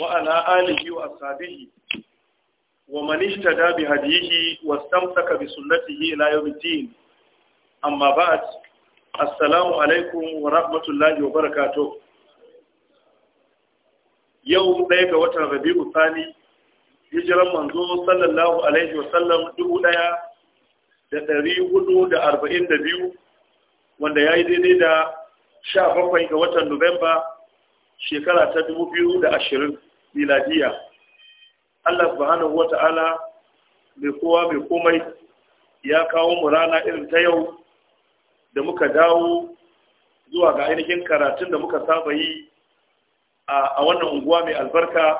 وعلى آله وأصحابه ومن اهتدى بهديه واستمسك بسنته إلى يوم الدين أما بعد السلام عليكم ورحمة الله وبركاته يوم ذلك وتر ربيع الثاني hijiran manzo sallallahu alaihi wasallam dubu ɗaya da ɗari hudu da arba'in da biyu wanda ya yi daidai da sha bakwai ga watan Nuwamba shekara ta dubu da ashirin miladiya. Allah subhanahu wa ta'ala mai kowa mai komai ya kawo mu rana irin ta yau da muka dawo zuwa ga ainihin karatun da muka saba yi a wannan unguwa mai albarka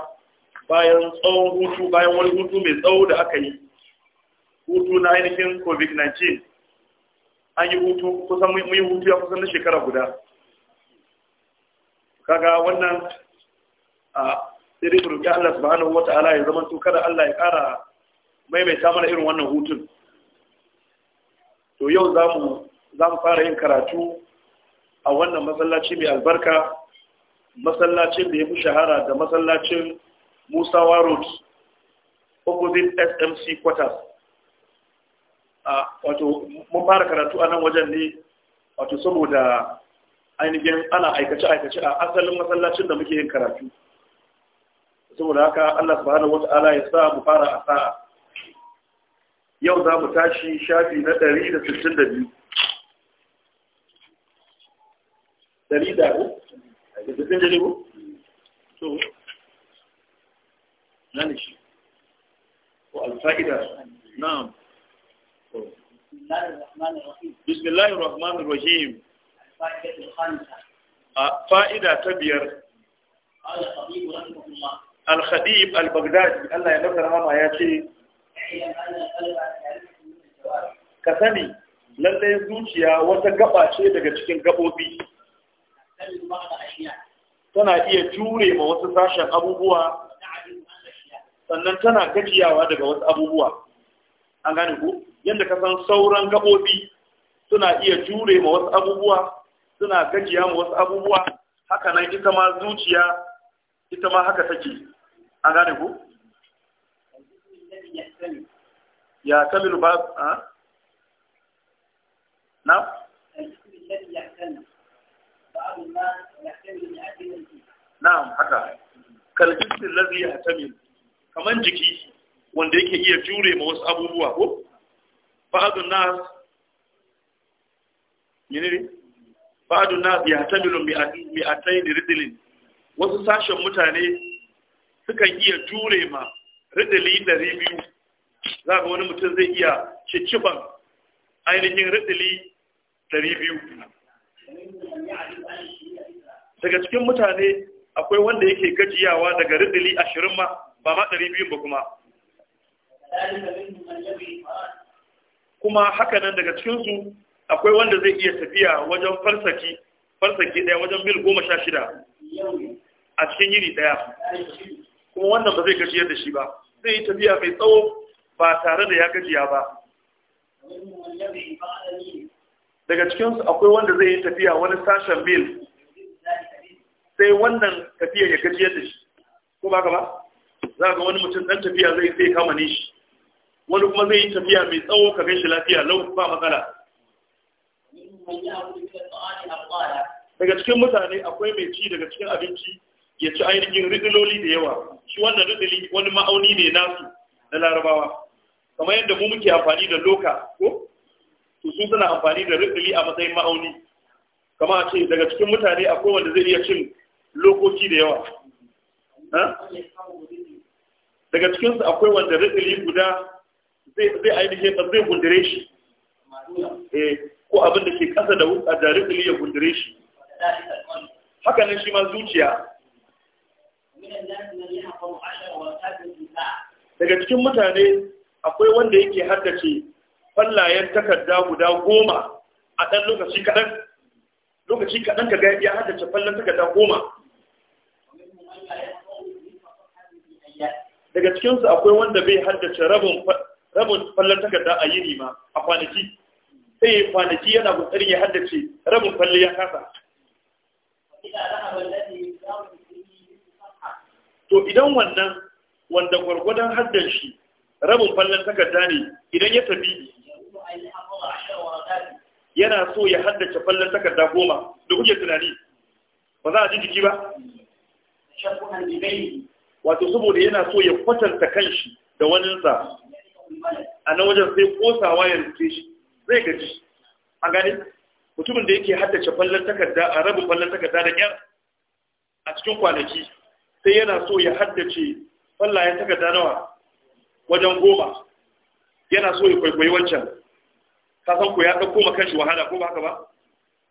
bayan tsawon hutu bayan wani hutu mai tsawo da aka yi hutu na ainihin covid-19 an yi hutu kusan mai hutu ya kusan na shekara guda kaga wannan a sai dai Allah subhanahu Ta'ala ya zama to kada Allah ya ƙara maimaita mana irin wannan hutun to yau zamu zamu fara yin karatu a wannan masallaci mai albarka masallacin da ya fi shahara da masallacin Musa Road opposite SMC quarters a wato mun fara karatu a nan wajen ne wato saboda ainihin ana aikace-aikace a asalin masallacin da muke yin karatu saboda haka Allah subhanahu wata'ala ya sa mu fara a sa'a yau za mu tashi shafi na 162 dari da ku? da cikin na ne shi ko alfa'ida na'am bismillahir rahmanir rahim fa'ida ta biyar al khadib al-baghdadi Allah ya masa rahama ya ce ka sani lallai zuciya wata gaba ce daga cikin gabobi tana iya jure ma wasu sashen abubuwa sannan tana gajiyawa daga wasu abubuwa an gane ku yadda ka san sauran gabobi suna iya jure ma wasu abubuwa suna gajiya mu wasu abubuwa haka nan ita ma zuciya ita ma haka take an gane ku ya kamilu ba a na na'am haka kalbisin lazi ya tamil Kamar jiki wanda yake iya jure ma wasu abubuwa ko ba'adun nas menene ba'adun na ya tamilu mi'atai da ridilin wasu sashen mutane sukan iya jure ma ridili ɗari biyu za ga wani mutum zai iya cicciban ainihin ridili ɗari biyu daga cikin mutane akwai wanda yake gajiyawa daga ridili ashirin ma ba ma ɗari biyu ba kuma kuma hakanan daga cikinsu akwai wanda zai iya tafiya wajen farsaki farsaki daya wajen mil goma sha shida a cikin yini daya kuma wannan ba zai gajiyar da shi ba zai yi tafiya mai tsawo ba tare da ya gajiya ba daga cikinsu akwai wanda zai yi tafiya wani sashen mil sai wannan tafiya ya gajiyar da shi ko ba ka ba za ga wani mutum ɗan tafiya zai sai kama shi. wani kuma zai yi tafiya mai tsawo ka gan shi lafiya lau ba matsala daga cikin mutane akwai mai ci daga cikin abinci ya ci ainihin ridiloli da yawa shi wannan ridili wani ma'auni ne nasu na larabawa kamar yadda mu muke amfani da loka ko to sun suna amfani da ridili a matsayin ma'auni kama a ce daga cikin mutane akwai wanda zai iya cin lokoki da yawa daga cikinsu akwai wanda ridili guda zai ainihin zai gundire shi eh. ko abin da ke kasa da a jarifili ya gundure shi haka nan shi ma zuciya daga cikin mutane akwai wanda yake haddace fallayen takarda guda goma a ɗan lokaci kaɗan lokaci kaɗan ka gaya ya haddace fallon takarda goma daga cikinsu akwai wanda bai haddace rabin fallon takarda a yi ma a kwanaki sai ya kwanaki yana kokarin ya haddace rabin kwalli ya kasa to idan wannan wanda gwargwadon haddan shi rabin kwallon takarda ne idan ya tafi yana so ya haddace kwallon takarda goma da kuke tunani ba za a ji jiki ba wato saboda yana so ya kwatanta kanshi da waninsa a na wajen sai kosawa ya rufe shi zai gaji an gani, mutumin da yake haddace fallon takarda a rabin fallon takarda da kyar a cikin kwanaki sai yana so ya haddace fallayen takarda nawa wajen goma yana so ya kwaikwayi wancan kasan ku ya ɗauko ma kanshi wahala ko ba haka ba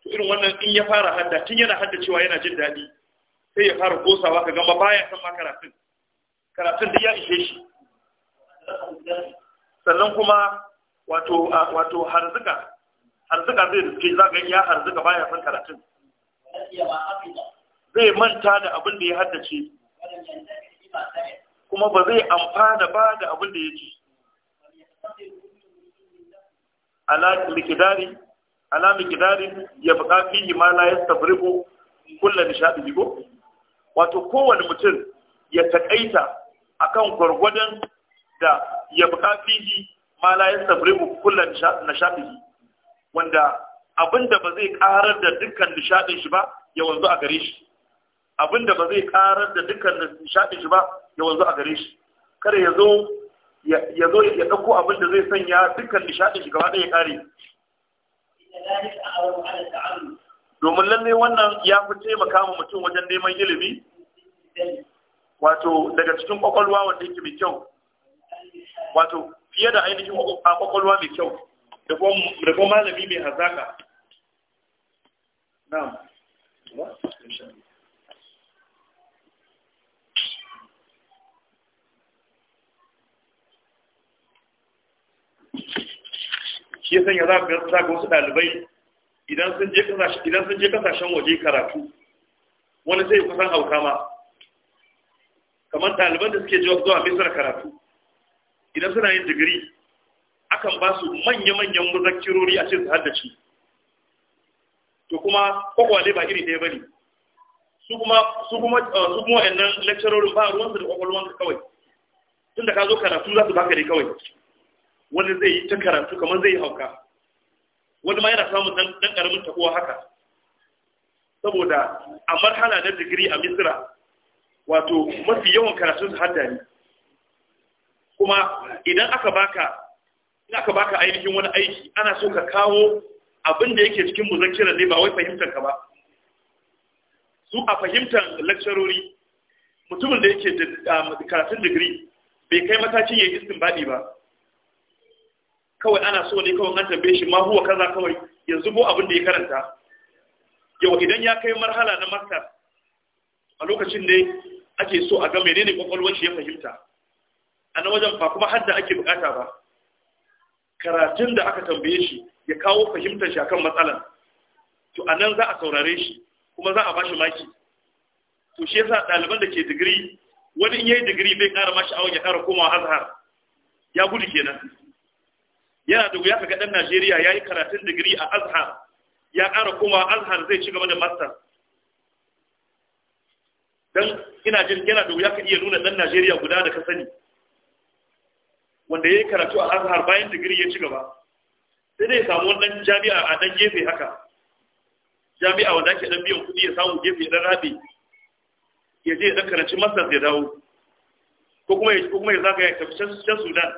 to irin wannan in ya fara hadda tun yana hadda yana jin daɗi sai ya fara kosawa ka gama baya san ma karatun karatun da ya ishe shi sannan kuma wato wato harzuka harzuka zai riske za ga ya harzuka baya san karatun zai manta da abin da ya haddace kuma ba zai amfana ba da abin da ya ci. ala likidari ala likidari ya buƙa fi ma la yastabriqu kullu nishadi ko wato kowane mutum ya takaita akan gwargwadon da ya buƙa fi ma mu kula na shaɗi? wanda abinda ba zai ƙarar da dukkan nishadin shi ba ya wanzu a gare shi abinda ba zai ƙarar da dukkan nishaɗin shi ba ya wanzu a gare shi kada ya zo ya zo ya ɗauko abin da zai sanya dukkan nishaɗin shi gaba ɗaya ya kare domin lalle wannan ya fi taimaka ma mutum wajen neman ilimi wato daga cikin ƙwaƙwalwa wanda yake mai kyau wato fiye da ainihin kwakwalwa mai kyau da kuma malami mai hazaka na shi ya sanya za ga wasu ɗalibai idan sun je kasashen waje karatu wani sai kusan hauka ma kamar ɗaliban da suke zuwa misar karatu idan suna yin digiri akan ba su manya-manyan muzakirori a cikin su to kuma kwakwale ba iri ɗaya ba ne su kuma su kuma uh, su kuma wa'annan lecturerin ba ruwansu da kwakwalwansu kawai tunda ka zo karatu za su baka ne kawai wani zai yi ta karatu kamar zai yi hauka wani ma yana samun ɗan ƙaramin kowa haka saboda a marhala na digiri a misira wato mafi yawan karatun su hadda ne kuma idan aka baka in aka baka ainihin wani aiki ana so ka kawo abin da yake cikin muzakira ne ba wai fahimtar ka ba su a fahimtar lakcarori mutumin da yake da ah, karatun digiri bai kai matakin yayi istinbadi ba kawai ana so ne kawai an tambaye shi ma huwa kaza kawai yanzu go abin da ya karanta yau idan ya kai marhala na master a lokacin da ake so a ga menene kwakwalwar shi ya fahimta a wajen ba kuma hadda ake bukata ba karatun da aka tambaye shi ya kawo fahimtar shi akan matsalan to a nan za a saurare shi kuma za a bashi maki to shi yasa ɗaliban da ke digiri wani in yayi digiri bai ƙara mashi awon ya ƙara komawa azhar ya gudu kenan yana da wuya ga ɗan Najeriya ya yi karatun digiri a azhar ya ƙara komawa azhar zai ci gaba da master dan ina jin yana da wuya ka iya nuna ɗan Najeriya guda da ka sani wanda ya yi karatu a azhar bayan digiri ya ci gaba sai dai ya samu wannan jami'a a dan gefe haka jami'a wanda ake dan biyan kuɗi ya samu gefe dan rabi ya je dan karanci masar ya dawo ko kuma ya kuma ya zagaya ya tafi can Sudan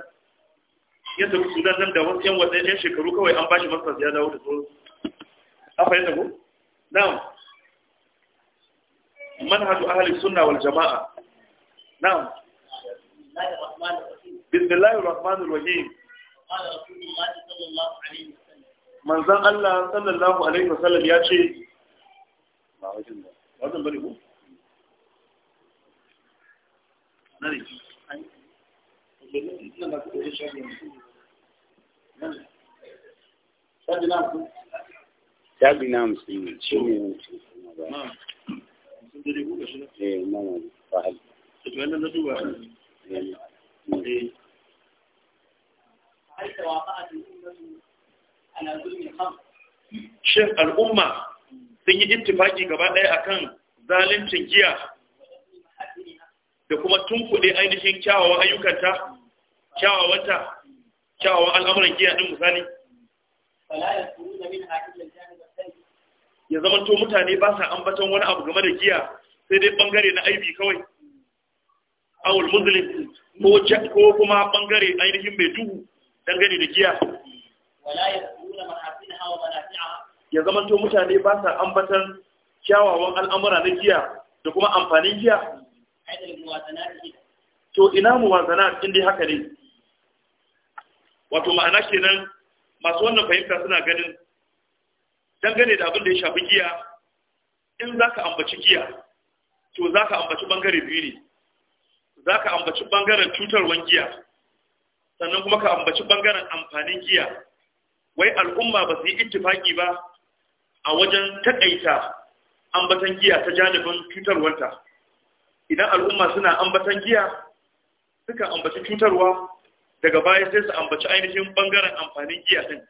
ya tafi Sudan nan da wasu yan wasan yan shekaru kawai an bashi masar ya dawo da tsoro. a fahimta ko na'am manhaju ahli sunna wal jama'a na'am بسم الله الرحمن الرحيم قال رسول الله صلى الله عليه وسلم من زن الله صلى الله عليه وسلم يا شيء ما وجد وزن بني هو نري shaɗi na musulmi shi ne mutum ba eh na ba hali Shin al'umma sun yi ittifaki gaba ɗaya akan zaluncin giya da kuma tunkuɗe ainihin kyawawan ayyukanta, kyawawanta, kyawawan al'amuran giya ɗin misali? Ya zama to mutane ba sa ambaton wani abu game da giya sai dai ɓangare na aibi kawai. Awul Muslim ko kuma bangare ainihin mai duhu dangane da giya ya zama to mutane ba sa ambatan kyawawan al'amura na giya da kuma amfanin giya to ina mu in dai haka ne wato ma'ana kenan masu wannan fahimta suna ganin dangane da abin da ya shafi giya in za ka ambaci giya to za ka ambaci bangare biyu ne za ka ambaci bangaren cutarwar giya sannan kuma ka ambaci bangaren amfanin giya wai al'umma ba su yi ittifaki ba a wajen taƙaita ambatan giya ta janibin cutarwanta idan al'umma suna ambatan giya suka ambaci cutarwa daga baya sai su ambaci ainihin bangaren amfanin giya din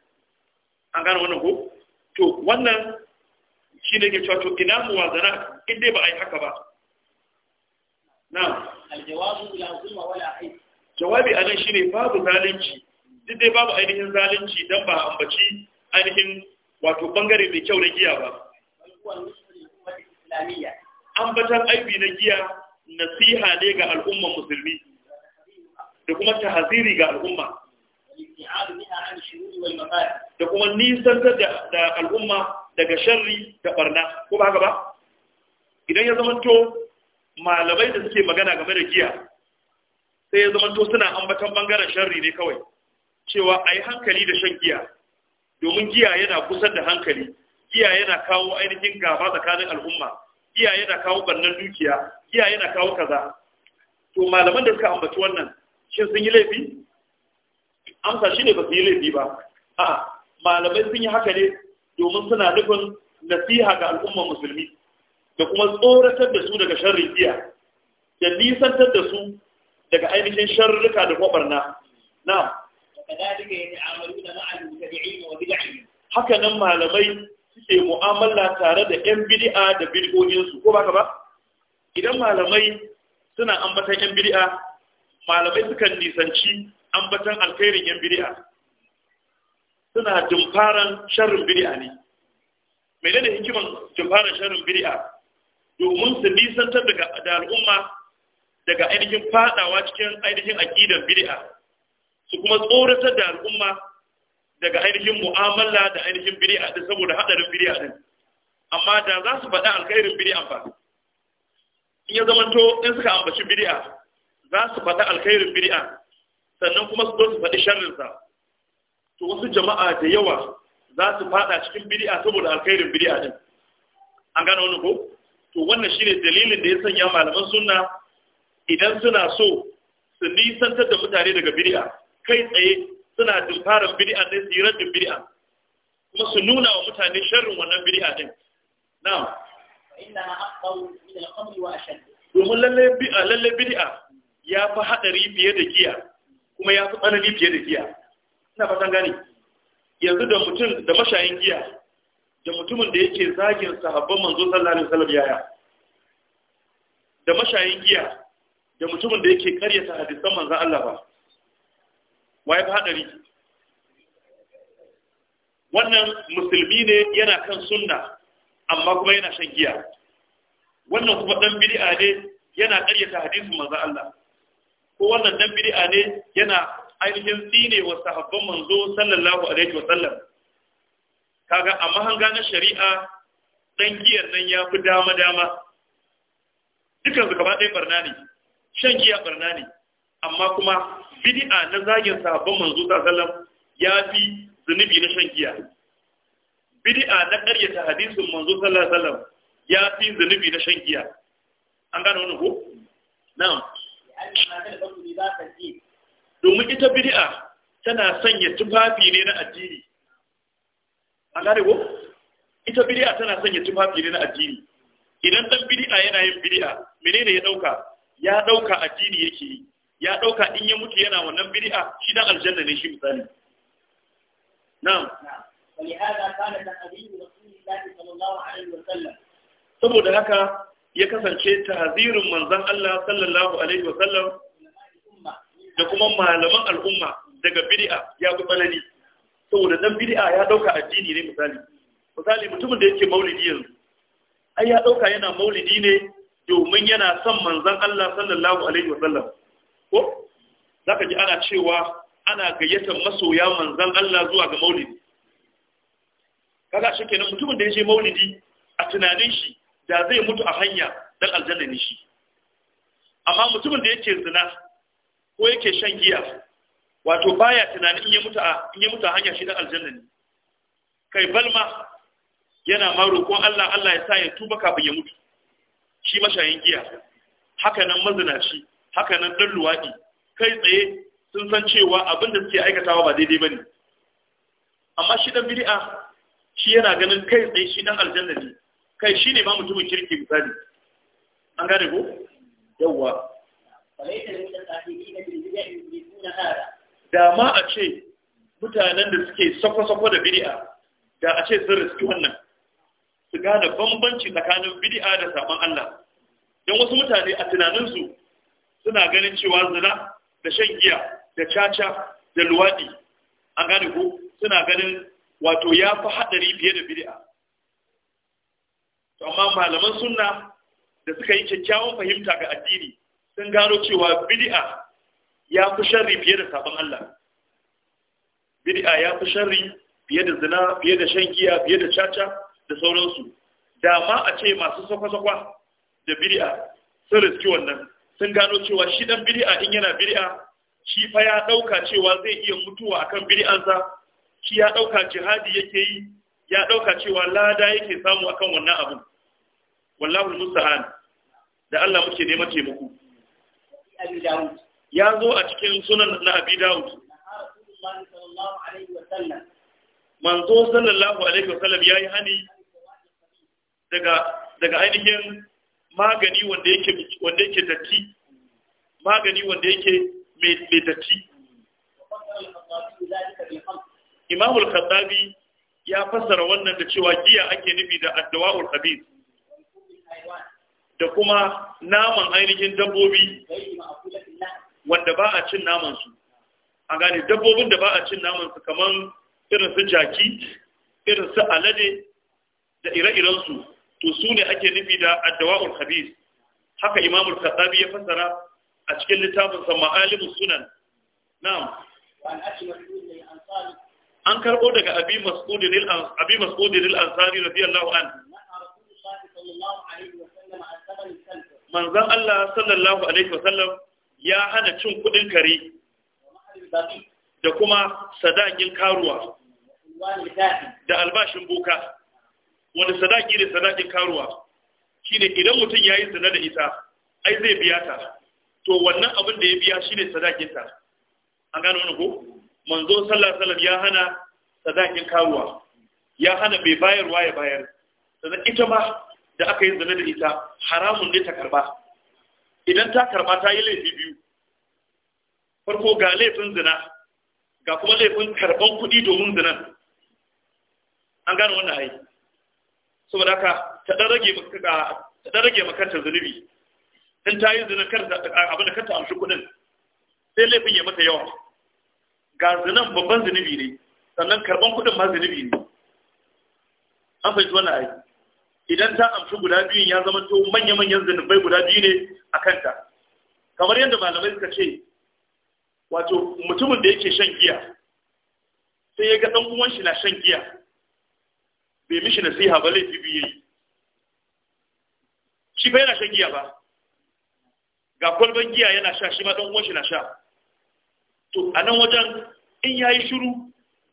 an gane wannan ko to wannan shi ne ke cewa to ina mu in dai ba a yi haka ba na'am aljawabu wala jawabi anan shine babu zalunci duk babu ainihin zalunci don ba a ambaci ainihin wato bangare mai kyau na giya ba ambatan aibi na giya nasiha ne ga al'ummar musulmi da kuma ta haziri ga al'umma da kuma nisantar da al'umma daga sharri da barna ko ba haka ba idan ya zama to malamai da suke magana game da giya sai ya zama to suna ambatan bangaren sharri ne kawai cewa a yi hankali da shan giya domin giya yana kusan da hankali giya yana kawo ainihin gaba tsakanin al'umma giya yana kawo bannan dukiya giya yana kawo kaza to malaman da suka ambaci wannan shin sun yi laifi amsa shi ne ba su yi laifi ba A'a malamai sun yi haka ne domin suna nufin nasiha ga al'umman musulmi da kuma tsoratar da su daga sharrin iya da nisantar da su daga ainihin sharrika da kwabarna na haka nan malamai suke mu'amala tare da 'yan bidi'a da bid'o'insu ko baka ba idan malamai suna ambatan 'yan bidi'a malamai sukan nisanci ambatan alkhairin 'yan bidi'a suna jimfaran sharrin bidi'a ne menene hikiman jimfaran sharrin bidi'a domin su nisantar daga al'umma daga ainihin fadawa cikin ainihin aƙidar bid'a su kuma tsoratar da al'umma daga ainihin mu'amala da ainihin bid'a din saboda hadarin bid'a din amma da za su faɗi alkhairin bid'a ba in ya zama to in suka ambaci bid'a za su faɗi alkhairin bid'a sannan kuma su zo su faɗi sharrin sa to wasu jama'a da yawa za su faɗa cikin bid'a saboda alkhairin bid'a din an gane wani ko to wannan shine dalilin da ya sanya malaman sunna idan suna so su nisantar da mutane daga bid'a kai tsaye suna dilfarar bid'a ne su yi rajin bid'a kuma su nuna wa mutane sharrin wannan bid'a din na'am domin lalle bid'a ya fi haɗari fiye da giya kuma ya fi tsanani fiye da giya ina fatan gani yanzu da mutum da mashayin giya da mutumin da yake zagin sahabban manzo sallallahu alaihi wasallam yaya da mashayin giya da mutumin da yake karyata hadisan manzo Allah ba waye ba hadari wannan musulmi ne yana kan sunna amma kuma yana shan giya wannan kuma dan bid'a ne yana karyata hadisin manzo Allah ko wannan dan bid'a ne yana ainihin tsine wa sahabban manzo sallallahu alaihi wasallam kaga a mahanga na shari'a dan giyar nan ya fi dama dama dukan su gaba ɗaya barna ne shan giya barna ne amma kuma bid'a na zagin sahabban manzo sallallahu ya fi zunubi na shan giya bid'a na ƙaryata hadisin manzo sallallahu alaihi ya fi zunubi na shan giya an gane wannan ko na'am domin ita bid'a tana sanya tufafi ne na addini A gane ko ita bid'a tana sanya tufafi ne na addini idan dan bid'a yana yin bid'a menene ya dauka ya dauka addini yake yi ya dauka in ya mutu yana wannan bid'a shi dan aljanna ne shi misali na'am ولهذا كان تحذير رسول الله صلى الله عليه وسلم saboda haka ya kasance tahzirin manzon Allah sallallahu alaihi wa sallam da kuma malaman al'umma daga bid'a ya fi tsanani saboda nan bid'a ya dauka addini ne misali misali mutumin da yake maulidi yanzu ai ya dauka yana maulidi ne domin yana son manzon Allah sallallahu alaihi wasallam ko zaka ji ana cewa ana gayyatar masoya manzon Allah zuwa ga maulidi kaga shi kenan mutumin da ya je maulidi a tunanin shi da zai mutu a hanya dan aljanna ne shi amma mutumin da yake zina ko yake shan giya wato baya tunanin in ya mutu a in ya mutu hanya shi dan aljanna ne kai balma yana ma roƙon Allah Allah ya sa ya tuba kafin ya mutu shi mashayin giya haka nan mazinaci haka nan dan luwadi kai tsaye sun san cewa abin da suke aikatawa ba daidai bane amma shi dan bid'a shi yana ganin kai tsaye shi dan aljanna ne kai shi ne ma mutumin kirki misali an gane ko yawwa walaita min tasahibina bil bid'a yusbituna hada da ma a ce mutanen da suke sako-sako da bidi'a, da a ce sun riski wannan su gane bambanci tsakanin bidi'a da saman Allah don wasu mutane a tunaninsu suna ganin cewa zina da shan giya da caca da luwaɗi an gane ko suna ganin wato ya fi haɗari fiye da bid'a amma malaman sunna da suka yi kyakkyawan fahimta ga addini sun gano cewa bidi'a. ya fi sharri fiye da sabon Allah bid'a ya fi sharri fiye da zina fiye da shan giya fiye da caca da sauransu da ma a ce masu sakwa-sakwa da bid'a sun riski wannan sun gano cewa shi dan bid'a in yana bid'a shi fa ya dauka cewa zai iya mutuwa akan bid'ansa shi ya dauka jihadi yake yi ya dauka cewa lada yake samu akan wannan abun wallahu musta'an da Allah muke neman taimako ya zo a cikin sunan na abi dawud manzo sallallahu alaihi wasallam yayi hani daga daga ainihin magani wanda yake wanda yake datti magani wanda yake mai datti Imam al-Khattabi ya fassara wannan da cewa giya ake nufi da addawa'ul khabith da kuma naman ainihin dabbobi wanda ba a cin naman su a gane dabbobin da ba a cin naman su kaman irin su jaki irin su alade da ire-iren su to su ne ake nufi da addawa'ul Habis. haka imamul khattabi ya fassara a cikin littafin sa ma'alimus sunan na'am an karbo daga abi mas'udin abi mas'udin al-ansari radiyallahu anhu manzon Allah sallallahu alaihi wasallam ya hana cin kuɗin kare da kuma sadakin karuwa da albashin boka wani sadaki ne sadakin karuwa shine idan mutum ya yi zina da ita ai zai biya ta to wannan abin da ya biya shine ta. an gano wani ko manzo sallallahu alaihi ya hana sadakin karuwa ya hana bai bayarwa ya bayar sannan ita ma da aka yi zina da ita haramun ne ta karba idan ta karba ta yi laifi biyu farko ga laifin zina ga kuma laifin karban kuɗi domin zinan an gane wannan hai saboda ka ta dan rage makanta zunubi in ta yi zina kar abin da kanta amshi kuɗin sai laifin ya mata yawa ga zinan babban zunubi ne sannan karban kuɗin ma zunubi ne an fahimci wannan hai idan ta amshi guda biyun ya zama to manya-manyan zanubai guda biyu ne a kanta kamar yadda malamai suka ce wato mutumin da yake shan giya sai ya ga ɗan uwan shi na shan giya bai mishi nasiha ba laifi biyu yayi shi ba yana shan giya ba ga kwalban giya yana sha shi ma ɗan uwan shi na sha to a nan wajen in ya yi shiru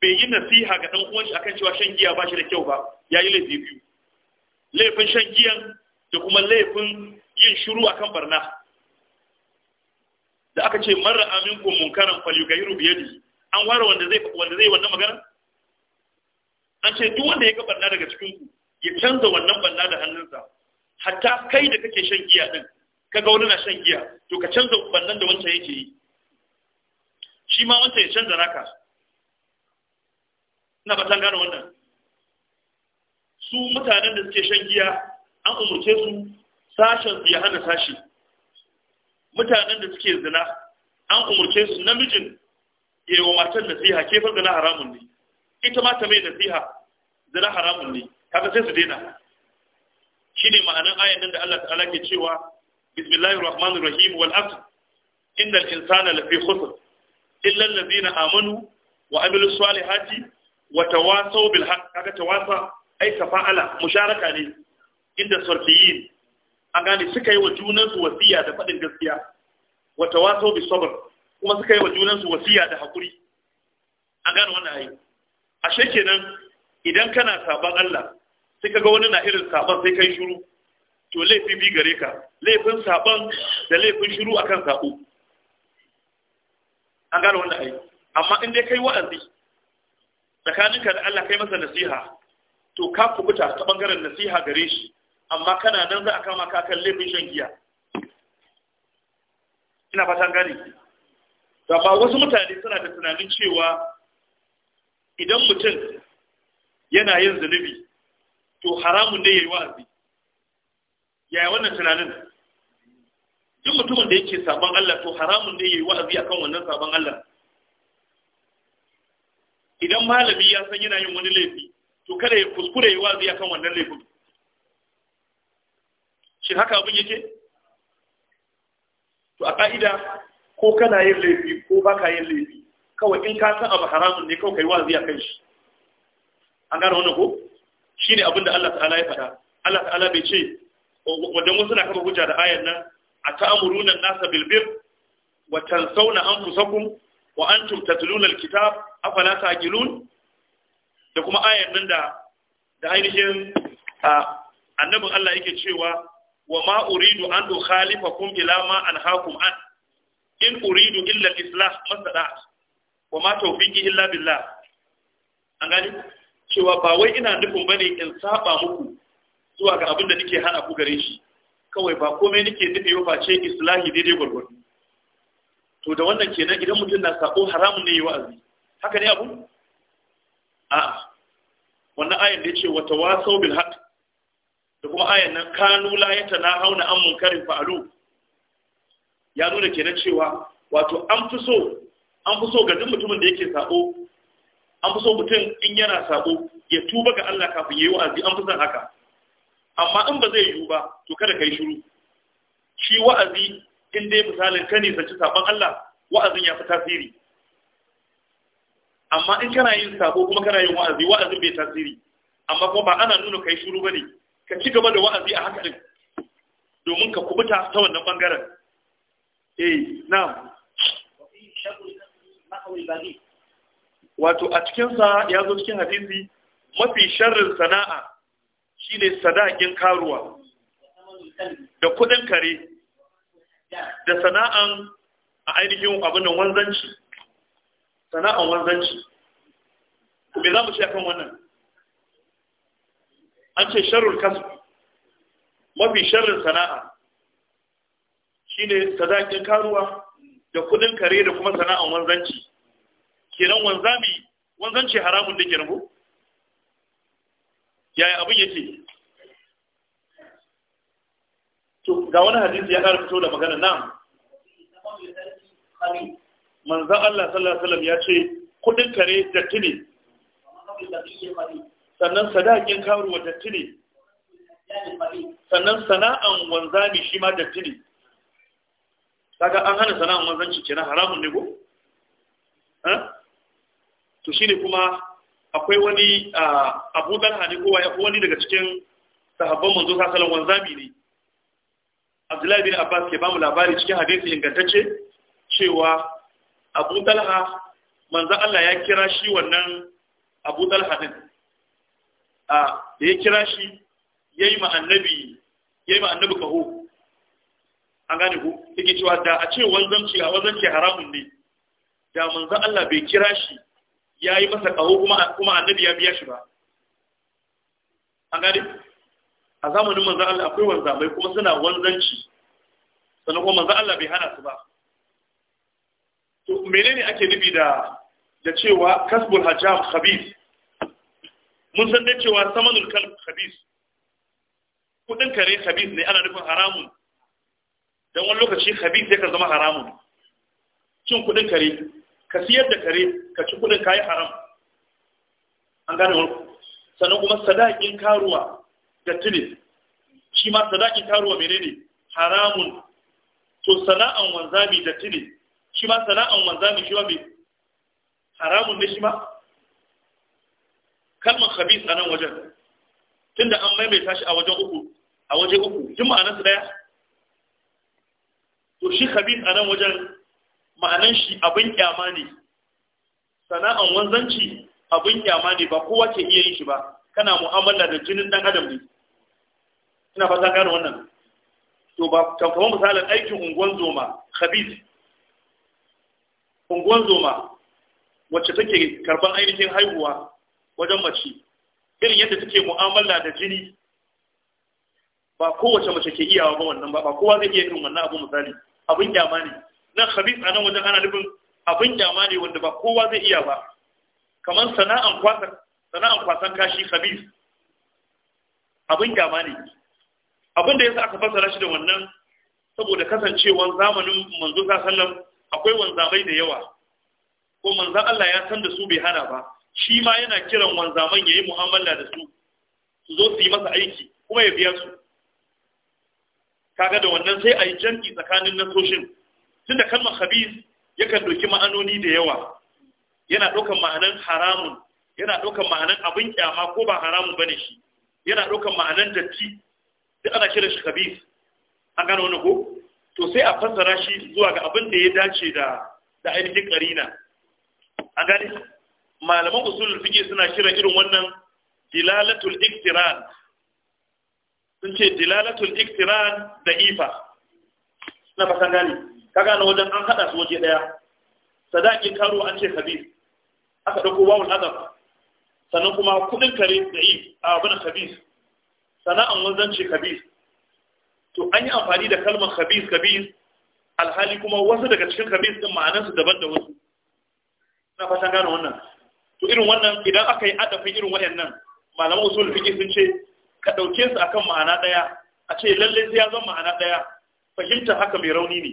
bai yi nasiha ga ɗan uwan shi akan cewa shan giya ba shi da kyau ba ya yi laifi biyu laifin shan giyan da kuma laifin yin shiru akan barna da aka ce mara aminku munkaran falyugayiru biyadi an ware wanda zai wanda zai wannan magana an ce duk wanda ya ga barna daga cikin ku ya canza wannan barna da hannunsa hatta kai da kake shan giya din ga wani na shan giya to ka canza barnan da wancan yake yi shi ma wancan ya canza naka ina ba tan gane wannan su mutanen da suke shan giya an umurce su sashen su ya hana sashi mutanen da suke zina an umurce su namijin ya yi wa matan nasiha kefin zina haramun ne ita ma ta mai nasiha zina haramun ne kaga sai su daina shi ne ma'anar ayan nan da Allah ta'ala ke cewa bismillahir rahmanir rahim wal asr innal insana lafi khusr illa allazina amanu wa amilus salihati wa tawasaw bil haqq kaga tawasa ai tafa'ala musharaka ne inda sarfiyin an gane suka yi wa junansu wasiya da faɗin gaskiya wata wato bi sabr kuma suka yi wa junansu wasiya da hakuri an gane wannan ayi ashe kenan idan kana saban Allah sai kaga wani na irin saban sai kai shiru to laifi bi gare ka laifin saban da laifin shiru akan sako an gane wannan ayi amma in dai kai wa'azi tsakaninka da Allah kai masa nasiha to ka kubuta ta bangaren nasiha gare shi amma kana nan za a kama ka kan laifin shan giya ina fatan gani amma wasu mutane suna da tunanin cewa idan mutum yana yin zunubi to haramun ne yayi wa'azi yaya wannan tunanin duk mutumin da yake sabon Allah to haramun ne yayi wa'azi akan wannan sabon Allah idan malami ya san yana yin wani laifi to kada ya kuskure yi wazi akan wannan laifin shi haka abin yake to a ka'ida ko kana yin laifi ko ba ka yin laifi kawai in ka san abu haramun ne kawai kai wazi akan shi an gane wannan ko shine abin da Allah ta'ala ya faɗa Allah ta'ala bai ce wadda wasu na kafa hujja da ayar nan a ta'amuruna nasa bilbir wa tansawna anfusakum wa antum tatluna alkitab afala ta'qilun da kuma ayan nan da da ainihin annabin Allah yake cewa wa ma uridu an ukhalifakum ila ma hakum an in uridu illa islah da wa ma tawfiqi illa billah an gani cewa ba wai ina nufin ba ne in saba muku zuwa ga abin da nake hana ku gare shi kawai ba komai nake nufi ba ce islahi daidai gwargwado to da wannan kenan idan mutum na sako haramun ne yi wa'azi haka ne abu a'a wannan ayan da yace wata wasau bil haqq da kuma ayan nan kanu la hauna an munkarin fa'alu ya nuna kenan cewa wato an fi so an fi ga duk mutumin da yake sako an fi so mutum in yana sako ya tuba ga Allah kafin yayi wa'azi an fi son haka amma in ba zai yiwu ba to kada kai shiru shi wa'azi in dai misalin ka nisanci sabon Allah wa'azin ya fi tasiri amma in kana yin sabo kuma kana yin wa'azi wa'azin bai tasiri amma kuma ba ana nuna kai shiru bane ka ci gaba da wa'azi a haka din domin ka kubuta ta wannan bangaren eh na'am wato a cikin sa ya zo cikin hadisi mafi sharrin sana'a shine sadakin karuwa da kudin kare da sana'an a ainihin abin wanzanci sana'an wanzanci me za mu ce akan wannan an ce sharul kasu mafi sharrin sana'a shine sadakin karuwa da kudin kare da kuma sana'an wanzanci kenan wanzami wanzanci haramun da ke rabu yaya abin yake ga wani hadisi ya ƙara fito da magana na manzan Allah sallallahu alaihi wasallam ya ce kudin kare datti ne sannan sadakin karuwa datti ne sannan sana'an wanzami shi ma datti ne kaga an hana sana'an wanzanci na haramun ne ko eh? to shi ne kuma akwai wani abu dalha ne kowa ya wani daga cikin sahabban manzo sallallahu wanzami ne Abdullahi bin Abbas ke bamu labari cikin hadisi ingantacce cewa abu talha manzo Allah ya kira shi wannan abu talha din a da ya kira shi ya yi ma'annabi ya yi ma'annabi kaho an gane ku yake cewa da a ce wanzanci a wanzanci haramun ne da manzo Allah bai kira shi ya yi masa kaho kuma annabi ya biya shi ba an gane a zamanin manzo Allah akwai wanzamai kuma suna wanzanci sannan kuma manzo Allah bai hana su ba to menene ake nufi da da cewa kasbul hajjab khabis mun san da cewa samanul kalb khabis kudin kare khabis ne ana nufin haramun dan wani lokaci khabis yakan zama haramun cin kudin kare ka siyar da kare ka ci kudin kayi haram an gane wani sannan kuma sadakin karuwa da tuni shi ma sadakin karuwa menene haramun to sana'an wanzami da tuni shi ma sana'an wanzami shi ma mai haramun ne shi ma kalmar khabis a nan wajen tunda an maimaita shi a wajen uku a waje uku duk ma'anar su daya to shi khabis a nan wajen ma'anar shi abin kyama ne sana'an wanzanci abin kyama ne ba kowa ke iya yin shi ba kana mu'amala da jinin dan adam ne ina fata gano wannan to ba kamar misalin aikin unguwan zoma khabis Unguwar zoma wacce take karban ainihin haihuwa wajen mace irin yadda take mu'amala da jini ba kowace mace ke iyawa ba wannan ba ba kowa zai iya irin wannan abu misali abin kyama ne nan khabis a nan wajen ana nufin abin kyama ne wanda ba kowa zai iya ba kamar sana'an kwasan sana'an kwasan kashi khabis abin kyama ne abin da yasa aka fassara shi da wannan saboda kasancewar zamanin manzo sallallahu akwai wanzamai da yawa ko manzan Allah ya san da su bai hana ba shi ma yana kiran wanzaman ya yi mu'amala da su su zo su yi masa aiki kuma ya biya su kaga da wannan sai a yi janki tsakanin nasoshin tunda kalmar khabis yakan ɗauki ma'anoni da yawa yana ɗaukar ma'anan haramun yana ɗaukar ma'anan abin kyama ko ba haramun bane shi yana ɗaukar ma'anan datti duk ana kiran shi khabis an gano wani ko to sai a fassara shi zuwa ga abin da ya dace da da ainihin karina a gani malaman usulul fiqh suna shirin irin wannan dilalatul iktiran sun ce dilalatul iktiran da ifa na fasan gani ka gane wajen an hada su waje daya sadakin karo an ce khabir aka dauko wawul adab sannan kuma kudin kare da yi a abin khabir sana'an ce khabir to an yi amfani da kalmar khabis khabis alhali kuma wasu daga cikin khabis din ma'anansu daban da wasu ina fatan gane wannan to irin wannan idan aka yi adafin irin wayannan malaman usul fiqi sun ce ka dauke su akan ma'ana daya a ce lalle sai ya zama ma'ana daya fahimta haka mai rauni ne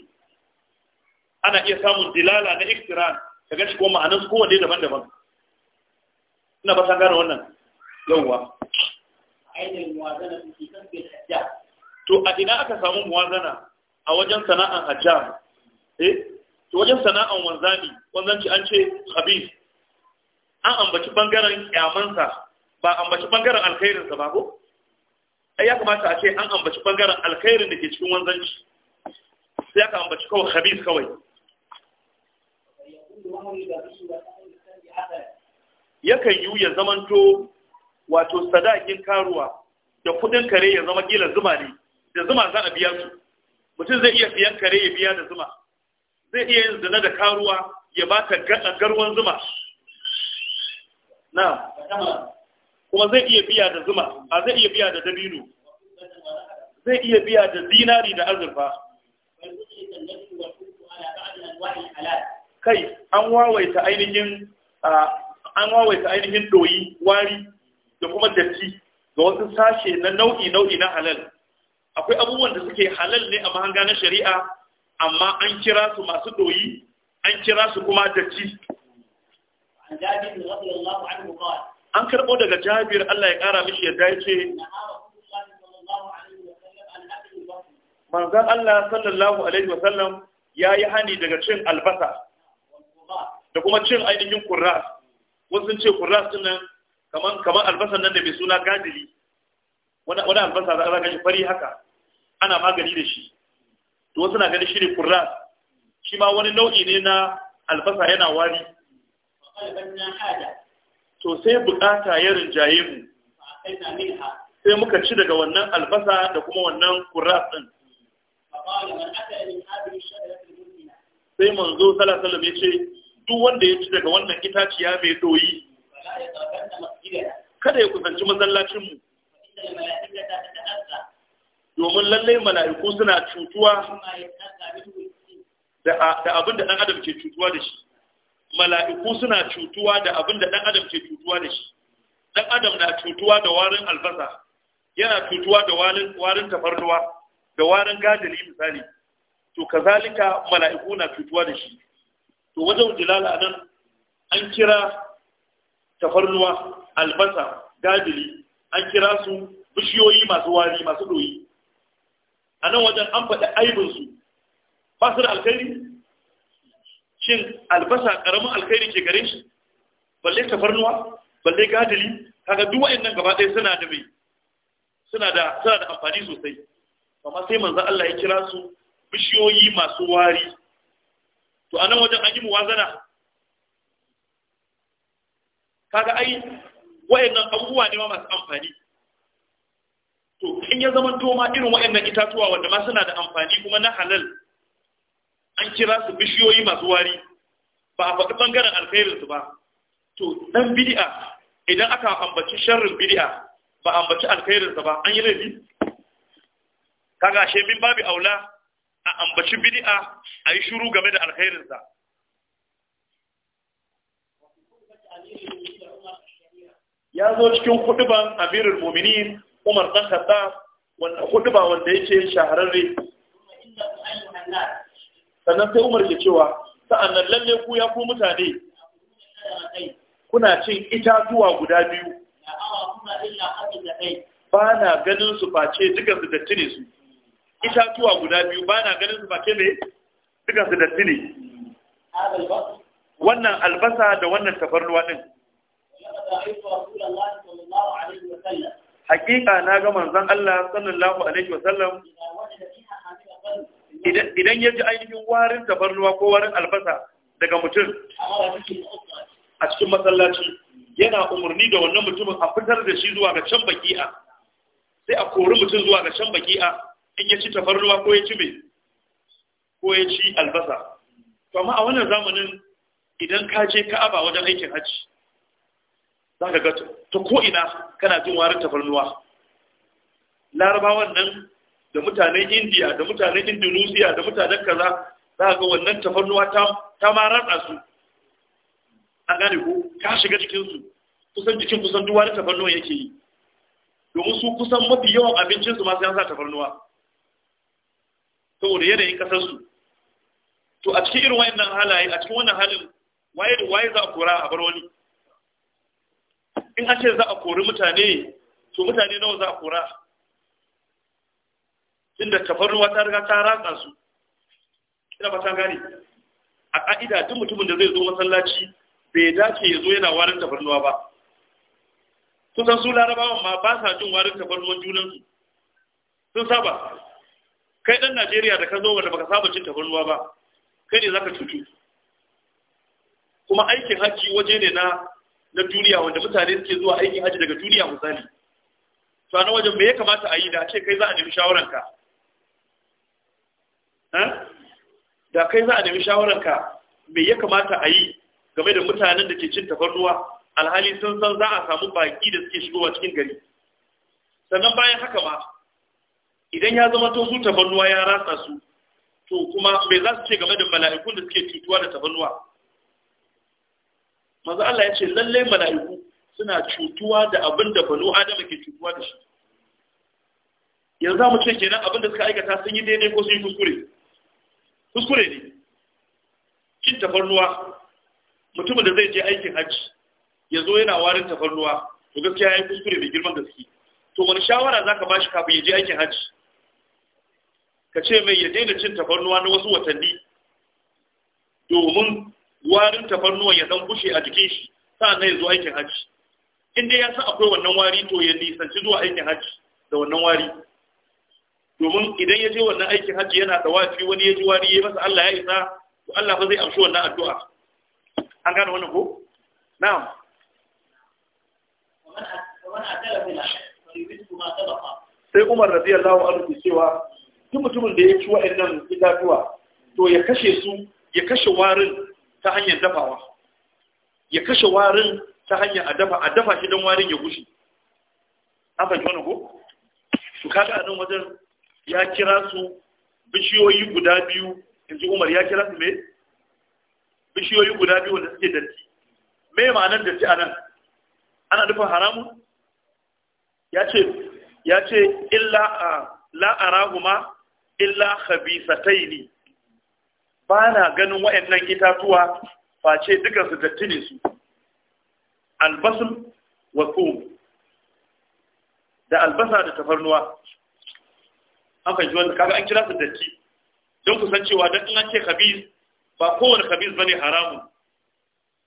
ana iya samun dilala na iktiran kaga shi ko ma'anan su kowanne daban-daban ina fatan gane wannan yauwa ainihin muwazana su ke kan to a ina aka samu muwazana a wajen sana'an hajjam eh to wajen sana'an wanzami wanzanci an ce khabis an ambaci bangaren kyamansa ba ambaci bangaren alkhairinsa ba ko ai ya kamata a ce an ambaci bangaren alkhairin da ke cikin wanzanci sai aka ambaci kawai khabis kawai yakan yiwu ya zamanto wato sadakin karuwa da kudin kare ya zama kila zuma ne da zuma za a biya su mutum zai iya siyan kare ya biya da zuma zai iya yin zina da karuwa ya ba ta garwan zuma na kuma zai iya biya da zuma a zai iya biya da dabino zai iya biya da zinari da azurfa kai an wawaita ainihin an wawaita ainihin doyi wari da kuma datti ga wasu sashe na nau'i nau'i na halal akwai abubuwan da suke halal ne a mahanga na shari'a amma an kira su masu doyi an kira su kuma datti an karɓo daga jabir Allah ya ƙara mishi yadda ya ce manzan Allah sallallahu alaihi wasallam ya yi hani daga cin albasa da kuma cin ainihin kurras wasu ce kurras nan kamar albasan nan da mai suna gadili wani albasa za ka shi fari haka ana magani da shi to wasu na ganin shirin kurra shi ma wani nau'i ne na albasa yana wari to sai bukata ya rinjaye mu sai muka ci daga wannan albasa da kuma wannan kurra din sai manzo salasalam ya ce duk wanda ya ci daga wannan itaciya mai doyi kada ya kusanci masallacinmu domin lallai mala'iku suna cutuwa da abin da ɗan adam ke cutuwa da shi mala'iku suna cutuwa da abin da ɗan adam ke cutuwa da shi ɗan adam na cutuwa da warin albasa yana cutuwa da warin tafarnuwa da warin gadali misali to zalika mala'iku na cutuwa da shi to wajen jilala nan an kira tafarnuwa albasa gadali an kira su bishiyoyi masu wari masu ɗoyi a nan wajen an faɗi aibinsu ba su da alkhairi shin albasa ƙaramin alkhairi ke gare shi balle tafarnuwa balle gadili kaga duk nan gaba ɗaya suna da mai suna da suna da amfani sosai amma sai manzo Allah ya kira su bishiyoyi masu wari to a nan wajen an yi muwazana kaga ai wayannan abubuwa ne ma masu amfani to in ya zama to ma irin wayannan itatuwa wanda ma suna da amfani kuma na halal an kira su bishiyoyi masu wari ba a faɗi ɓangaren alkhairin ba to dan bid'a idan aka ambaci sharrin bid'a ba ambaci alkhairin ba an yi laifi kaga she min babu aula a ambaci bidi'a a yi shiru game da alkhairin ya zo cikin huduban amirul mu'minin Umar dan Khattab wanda kuduba wanda yake shahararre sannan sai Umar ke cewa sa'annan lalle ku ya ku mutane kuna cin itatuwa guda biyu ba na ganin su face dukan su dattine ne su itatuwa guda biyu ba na ganin su face ne dukan su dattine wannan albasa da wannan tafarnuwa din Hakika na ga manzon Allah sallallahu alaihi wa sallam idan ya ji ainihin warin tabarnuwa ko warin albasa daga mutum a cikin masallaci yana umarni da wannan mutumin a fitar da shi zuwa ga can baki'a sai a kori mutum zuwa ga can baki'a in ya ci tafarnuwa ko ya ci mai ko ya ci albasa to amma a wannan zamanin idan ka je ka'aba wajen aikin hajji za ka ga ta ko'ina kana jin warin tafarnuwa larabawan nan da mutanen indiya da mutanen indonesia da mutanen kaza za ga wannan tafarnuwa ta marar a su an gane ko ka shiga jikinsu kusan jikin kusan duwa da tafarnuwa yake yi domin su kusan mafi yawan abincinsu masu yansa tafarnuwa saboda yanayin kasarsu to a cikin irin wayan nan halaye a cikin wannan halin waye da waye za a kora a bar wani in an ce za a kori mutane to mutane nawa za a kora Inda tafarnuwa ta riga ta ratsa su ina ba ta gane a ka'ida duk mutumin da zai zo masallaci bai dace ya zo yana warin tafarnuwa ba kusan su larabawan ma ba sa jin warin tafarnuwan junansu sun saba kai dan najeriya da ka zo wanda baka saba cin tafarnuwa ba kai ne zaka cutu kuma aikin hajji waje ne na na duniya wanda mutane suke zuwa aikin haji daga duniya misali to a wajen me ya kamata a yi da a ce kai za a nemi shawaranka da kai za a nemi ka me ya kamata a yi game da mutanen da ke cin tafarnuwa alhali sun san za a samu baki da suke shigowa cikin gari sannan bayan haka ma idan ya zama to su tafarnuwa ya rasa su to kuma me za su ce game da mala'ikun da suke cutuwa da tafarnuwa manzo Allah ya ce lalle mala'iku suna cutuwa da abin da banu adam ke cutuwa da shi yanzu za mu ce kenan abin da suka aikata sun yi daidai ko sun yi kuskure kuskure ne cin tafarnuwa mutumin da zai je aikin hajji ya zo yana warin tafarnuwa to gaskiya ya yi kuskure mai girman gaske to wani shawara za ka bashi kafin ya je aikin hajji ka ce mai ya daina cin tafarnuwa na wasu watanni domin warin tafarnuwan ya dan bushe a jikin shi sa'annan ya zo aikin hajji in dai ya san akwai wannan wari to ya nisanci zuwa aikin hajji da wannan wari domin idan ya je wannan aikin hajji yana da wafi wani ya ji wari ya masa Allah ya isa to Allah ba zai amshi wannan addu'a an gane wannan ko na'am sai Umar radiyallahu anhu ke cewa duk mutumin da ya ci wa'annan itatuwa to ya kashe su ya kashe warin ta hanyar dafawa ya kashe warin ta hanyar a dafa a dafa shi don warin ya gushi an fahimci wani ko su kaga anan wajen ya kira su bishiyoyi guda biyu in ji umar ya kira su me bishiyoyi guda biyu wanda suke datti me ma'anar datti a nan ana dafa haramun ya ce ya ce illa a la'arahuma illa khabisataini ba na ganin wa'annan itatuwa face dukansu datti ne su albasul wa da albasa da tafarnuwa an ji wanda kaga an kira su datti don ku san cewa don an ce khabis ba kowane khabis ne haramun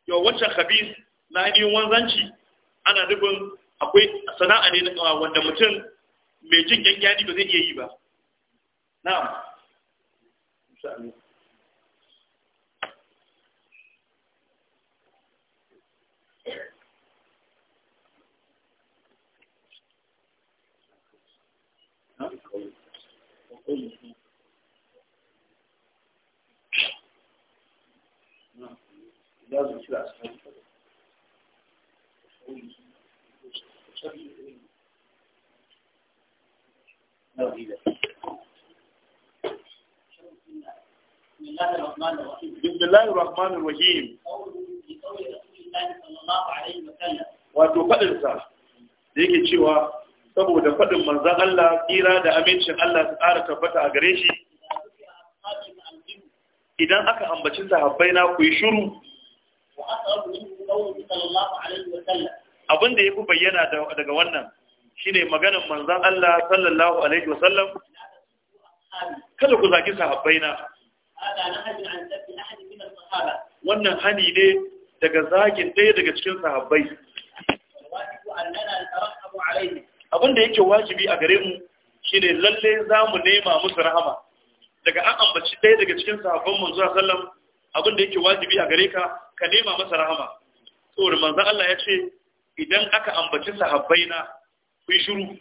yau wancan khabis na ainihin wanzanci ana dubin akwai sana'a ne ah, wanda mutum mai jin yan ba zai iya yi ba na'am بسم الله الرحمن الرحيم wato faɗinsa da yake cewa saboda faɗin manzan Allah tsira da amincin Allah su ƙara tabbata a gare shi idan aka ambaci sahabbai na ku yi shiru abinda da ya fi bayyana daga wannan shine maganin manzan Allah sallallahu alaihi wasallam kada ku zaki sahabbai na wannan hani ne daga zagin ɗaya daga cikin sahabbai abin da yake wajibi a gare mu shi ne lalle za mu nema musu rahama daga an ambaci ɗaya daga cikin sahabban manzo sallam abin da yake wajibi a gare ka ka nema masa rahama saboda manzo Allah ya ce idan aka ambaci sahabbai na ku yi shiru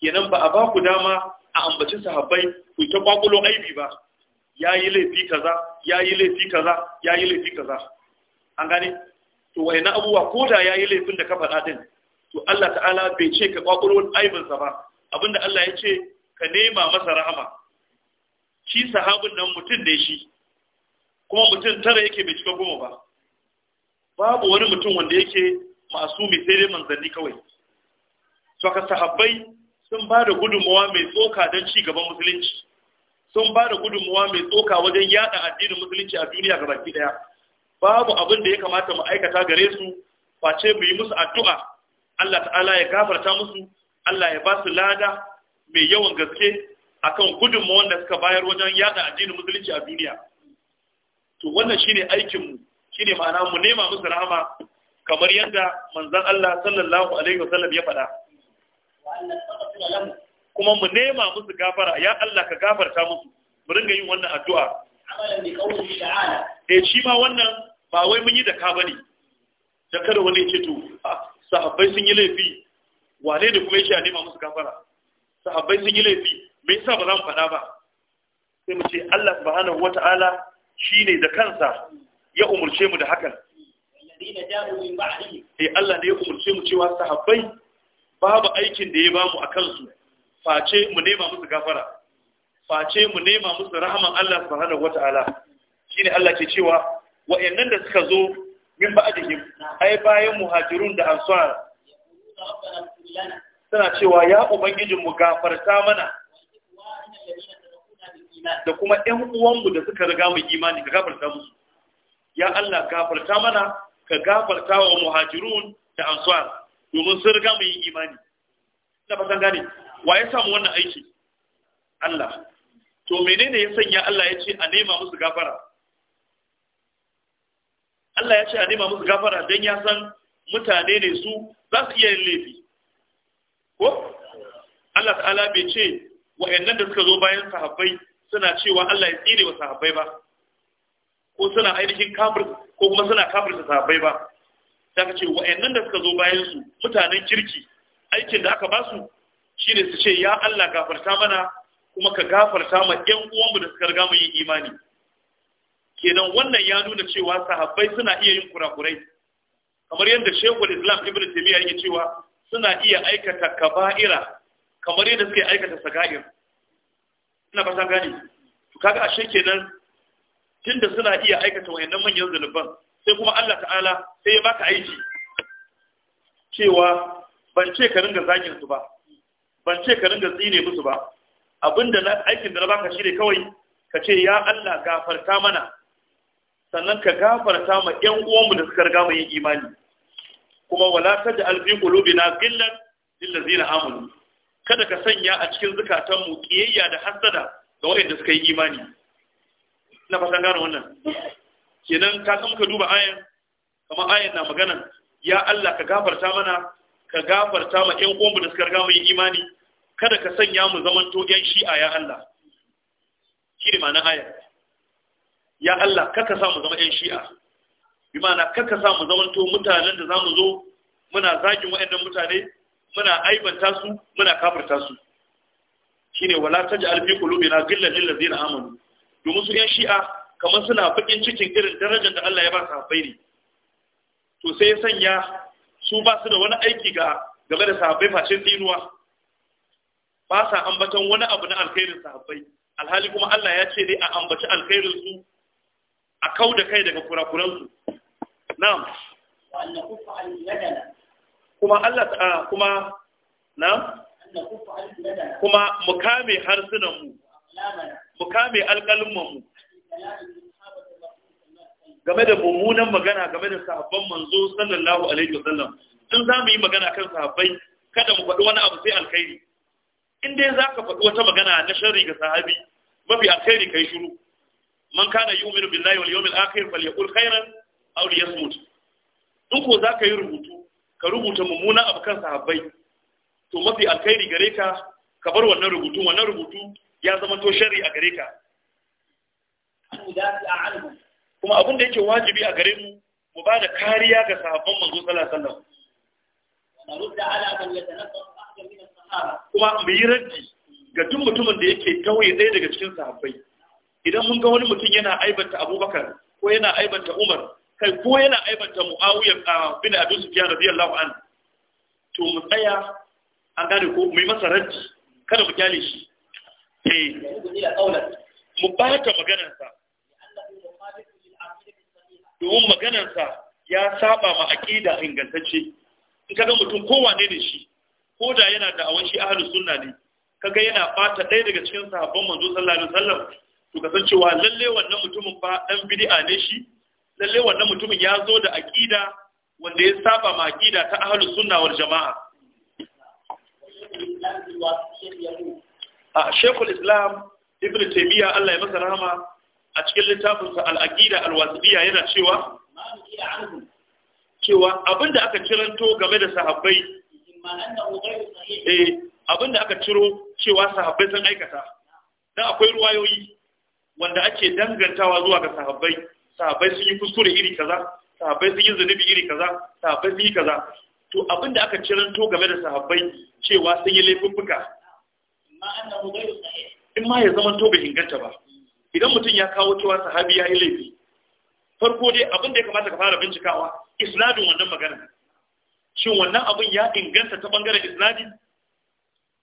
kenan ba a ba ku dama a ambaci sahabbai ku ta kwakulo aibi ba Ya yi laifi kaza ya yi laifi kaza ya yi laifi kaza an gane to wayannan abubuwa ko da yi laifin da ka faɗa din to Allah ta'ala bai ce ka kwakwaro wani aibinsa ba abinda Allah ya ce ka nema masa rahama shi sahabin nan mutum ne shi kuma mutum tara yake bai cika goma ba babu wani mutum wanda yake masumi sai dai manzanni kawai to ka sahabbai sun ba da gudunmawa mai tsoka don ci gaban musulunci sun ba da gudunmawa mai tsoka wajen yada addinin musulunci a duniya baki daya babu abin da ya kamata mu aikata gare su face mu yi musu addu'a Allah ta'ala ya gafarta musu Allah ya ba su lada mai yawan gaske akan gudunmu wanda suka bayar wajen yada addinin musulunci a duniya to wannan shine aikin mu shine ma'ana mu nema musu rahama kamar yadda manzon Allah sallallahu alaihi wasallam ya faɗa kuma mu nema musu gafara ya Allah ka gafarta musu mu ringa yin wannan addu'a eh shi ma wannan ba wai mun yi da ka bane da kada wani ya ce to ah, sahabbai sun yi laifi wane da kuma yake a nema musu gafara sahabbai sun yi laifi me yasa ba za mu faɗa ba sai mu ce Allah subhanahu wata'ala shine da kansa ya umurce mu da hakan eh Allah ne ya umurce mu cewa sahabbai babu aikin da ya bamu a kansu face mu nema musu gafara face mu nema musu rahaman Allah subhanahu wata'ala shine Allah ke cewa wa'annan da suka zo min ba'dihim ai bayan muhajirun da ansar suna cewa ya ubangijin mu gafarta mana da kuma ƴan uwanmu da suka riga mu imani ka gafarta musu ya Allah gafarta mana ka gafarta wa muhajirun da ansar domin sun riga mu yi imani ina fatan gane wa ya samu wannan aiki Allah to menene ya sanya Allah ya ce a nema musu gafara Allah ya ce a nema musu gafara don ya san mutane ne su za su iya yin laifi ko Allah ta'ala bai ce wa'annan da suka zo bayan sahabbai suna cewa Allah ya tsire wa sahabbai ba ko suna ainihin kafir ko kuma suna kafirta sahabbai ba da ka ce wa'annan da suka zo bayan su mutanen kirki aikin da aka ba su shine su ce ya Allah gafarta mana kuma ka gafarta ma ƴan uwanmu da suka riga mu yin imani kenan wannan ya nuna cewa sahabbai suna iya yin kurakurai kamar yadda shekul islam ibn taymiya yake cewa suna iya aikata kaba'ira kamar yadda suke aikata saga'ir ina ba san gani to kaga ashe kenan tunda suna iya aikata wayannan manyan zanuban sai kuma Allah ta'ala sai ya baka aiki cewa ban ce ka ringa zagin su ba ban ce ka ringa tsine musu ba abinda na aikin da na baka ne kawai ka ce ya Allah gafarta mana sannan ka gafarta ma ƴan uwanmu da suka riga mu yin imani kuma wala taj'al fi qulubina ghillan lil ladzina amanu kada ka sanya a cikin zukatanmu mu kiyayya da hasada ga waɗanda suka yi imani ina fatan gane wannan kenan ka san muka duba ayan kuma ayan na magana ya Allah ka gafarta mana ka gafarta ma ƴan uwanmu da suka riga mu yin imani kada ka sanya mu zamanto ƴan shi'a ya Allah shi ne ma'anar ya Allah kaka sa mu zama 'yan shi'a bi ma'ana kaka sa mu zama to mutanen da za mu zo muna zagin waɗannan mutane muna aibanta su muna kafirta su Shi ne wala taj'al fi qulubina ghillan lil na amanu domin su 'yan shi'a kamar suna bakin cikin irin darajar da Allah ya ba su ne to sai ya sanya su ba su da wani aiki ga game da sahabbai face tsinuwa ba sa ambaton wani abu na alkhairin sahabbai alhali kuma Allah ya ce dai a ambaci alkhairin su a kau da kai daga kurakuransu na'am kuma Allah ta ah, kuma na'am kuma mu kame harsunanmu mu kame mu. game da mummunan magana game da sahabban manzo sallallahu alaihi sallam, in za mu yi magana kan sahabbai kada mu faɗi wani abu sai alkhairi in dai za ka faɗi wata magana na sharri ga sahabi mafi alkhairi kai shiru man kana yu'minu billahi wal yawmil akhir falyaqul khairan aw liyasmut in ko za ka yi rubutu ka rubuta mummuna abu kan sahabbai to mafi alkhairi gare ka ka bar wannan rubutu wannan rubutu ya zama to shari a gare ka kuma abin da yake wajibi a gare mu mu ba da kariya ga sahabban manzo sallallahu kuma mu yi raddi ga duk mutumin da yake tawaye ɗaya daga cikin sahabbai idan mun ga wani mutum yana aibanta abubakar ko yana aibanta umar kai ko yana aibanta mu'awiyar bin abin su fiya biyar an to mu tsaya an gane ko mu yi masa raddi kada mu kyale shi eh mu bata maganarsa domin maganarsa ya saba ma aƙida ingantacce in kaga mutum kowane ne shi ko da yana da awon shi ahlus sunna ne kaga yana bata ɗaya daga cikin sahabban manzo sallallahu alaihi wasallam to ka san cewa lalle wannan mutumin ba dan bid'a ne shi lalle wannan mutumin ya zo da aqida wanda ya saba ma aqida ta ahlus sunna wal jama'a a shekul islam ibn taymiya Allah ya masa rahama a cikin littafinsa al-aqida al-wasiliya yana cewa cewa abinda aka ciranto game da sahabbai eh abinda aka ciro cewa sahabbai sun aikata dan akwai ruwayoyi wanda ake dangantawa zuwa ga sahabbai sahabbai sun yi kuskure iri kaza sahabbai sun yi zunubi iri kaza sahabbai sun yi kaza to abin da aka to game da sahabbai cewa sun yi laifuffuka in ma ya zama to bai inganta ba idan mutum ya kawo cewa sahabi ya yi laifi farko dai abin da ya kamata ka fara bincikawa isnadin wannan magana shin wannan abin ya inganta ta bangaren isnadi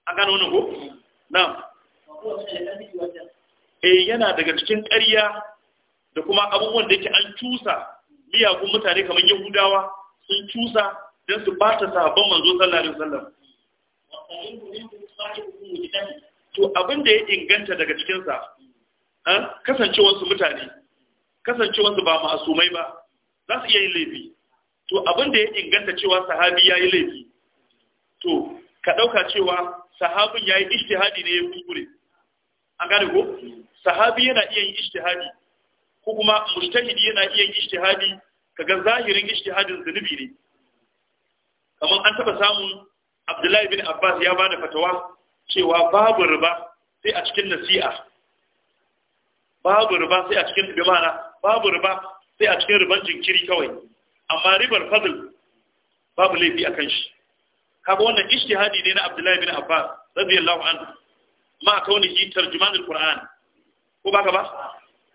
a gano wani ko na eh yana daga cikin ƙarya da kuma abubuwan da yake an cusa miyagun mutane kamar yahudawa sun cusa don su bata sahabban manzo sallallahu alaihi wasallam to abin da ya inganta daga cikin sa eh, kasancewar su mutane kasancewar su ba ma'asumai ba za su iya yin laifi to abin da ya inganta cewa sahabi ya yi laifi to ka ɗauka cewa sahabin ya yi ishtihadi ne ya kuskure an gane ko sahabi yana iya yin ijtihadi ko kuma mujtahidi yana iya yin ijtihadi kaga zahirin ijtihadin zunubi ne kamar an taba samun Abdullahi bin Abbas ya bada fatawa cewa babu riba sai a cikin nasi'a babu riba sai a cikin ma'ana, babu riba sai a cikin riban jinkiri kawai amma ribar fadl babu laifi akan shi kaga wannan ijtihadi ne na Abdullahi bin Abbas radiyallahu anhu ma hitar tarjumanul qur'an ko ka ba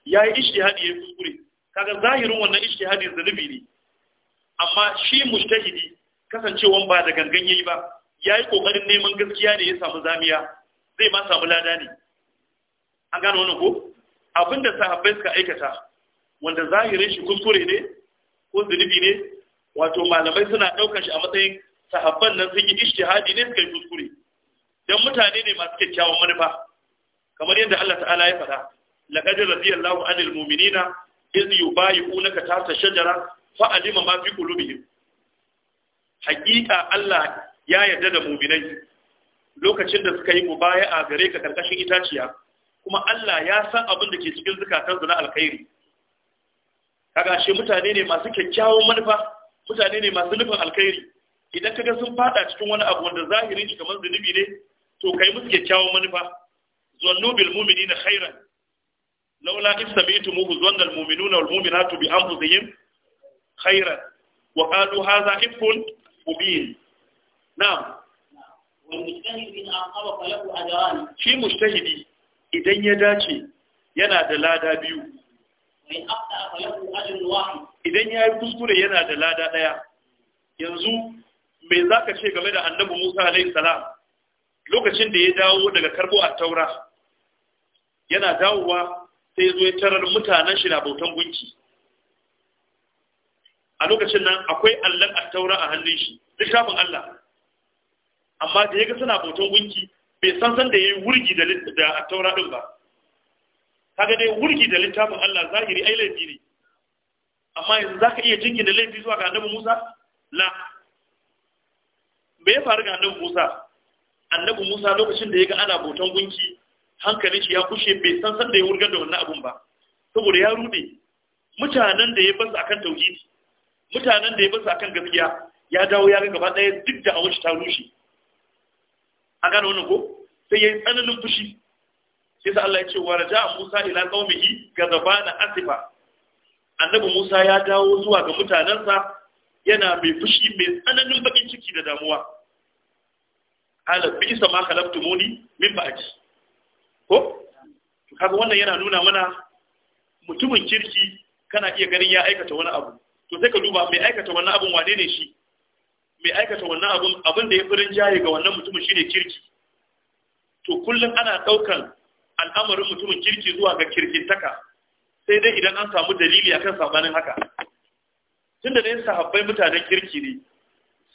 yayi ishtihadi ya kuskure kaga zahirin wannan ishtihadi zanubi ne amma shi mustahidi kasancewan ba da gangan yi ba yayi kokarin neman gaskiya ne ya samu zamiya zai ma samu lada ne an gano wani ko abinda sahabbai suka aikata wanda zahirin shi kuskure ne ko zunubi ne wato malamai suna daukar shi a matsayin sahabban nan sun yi ishtihadi ne suka yi kuskure dan mutane ne masu kyakkyawan manufa kamar yadda Allah ta'ala ya faɗa laqad radiyallahu anil mu'minina idh yubayyi'unaka tahta shajara fa alima ma fi qulubihim haƙiƙa Allah ya yarda da mu'minai lokacin da suka yi mubaya'a gare ka karkashin itaciya kuma Allah ya san abin da ke cikin zukatansu na alkhairi kaga shi mutane ne masu kyakkyawan manufa mutane ne masu nufin alkhairi idan kaga sun fada cikin wani abu wanda zahirin shi kamar zunubi ne to kai musu kyakkyawan manufa zannu bil mu'minina khairan laula in mu zanna al mu'minuna wal mu'minatu bi anfusihim khairan wa qalu hadha ifkun mubin na'am shi mustahidi idan ya dace yana da lada biyu idan ya yi kuskure yana da lada ɗaya yanzu mai za ka ce game da annabi musa alaihi salam lokacin da ya dawo daga karbo a taura yana dawowa sai zo ya tarar mutanen shi na bautan gunki a lokacin nan akwai allon a taura a hannun shi littafin allah amma da ya ga suna bautan gunki bai san san da ya yi wurgi da a taura ɗin ba kaga dai wurgi da littafin allah zahiri ai laifi ne amma yanzu za ka iya jingina laifi zuwa ga annabi musa la Bai faru ga annabi musa annabi Musa lokacin da ya ga ana boton gunki hankali shi ya kushe bai san san da ya wurgar da wannan abun ba saboda ya rude mutanen da ya basu akan tauhidi mutanen da ya basu akan gaskiya ya dawo ya ga gaba daya duk da awashi ta rushe A gane wannan ko sai ya yi tsananin fushi sai sa Allah ya ce wa raja Musa ila qaumihi gazabana asifa annabi Musa ya dawo zuwa ga mutanensa yana mai fushi mai tsananin bakin ciki da damuwa ala bi sama khalaqtumuni min ba'di ko kaga wannan yana nuna mana mutumin kirki kana iya ganin ya aikata wani abu to sai ka duba mai aikata wannan abun wane ne shi mai aikata wannan abun abin da ya fi rinjaye ga wannan mutumin shine kirki to kullum ana daukan al'amarin mutumin kirki zuwa ga kirkintaka sai dai idan an samu dalili akan sabanin haka tunda da dai sahabbai mutanen kirki ne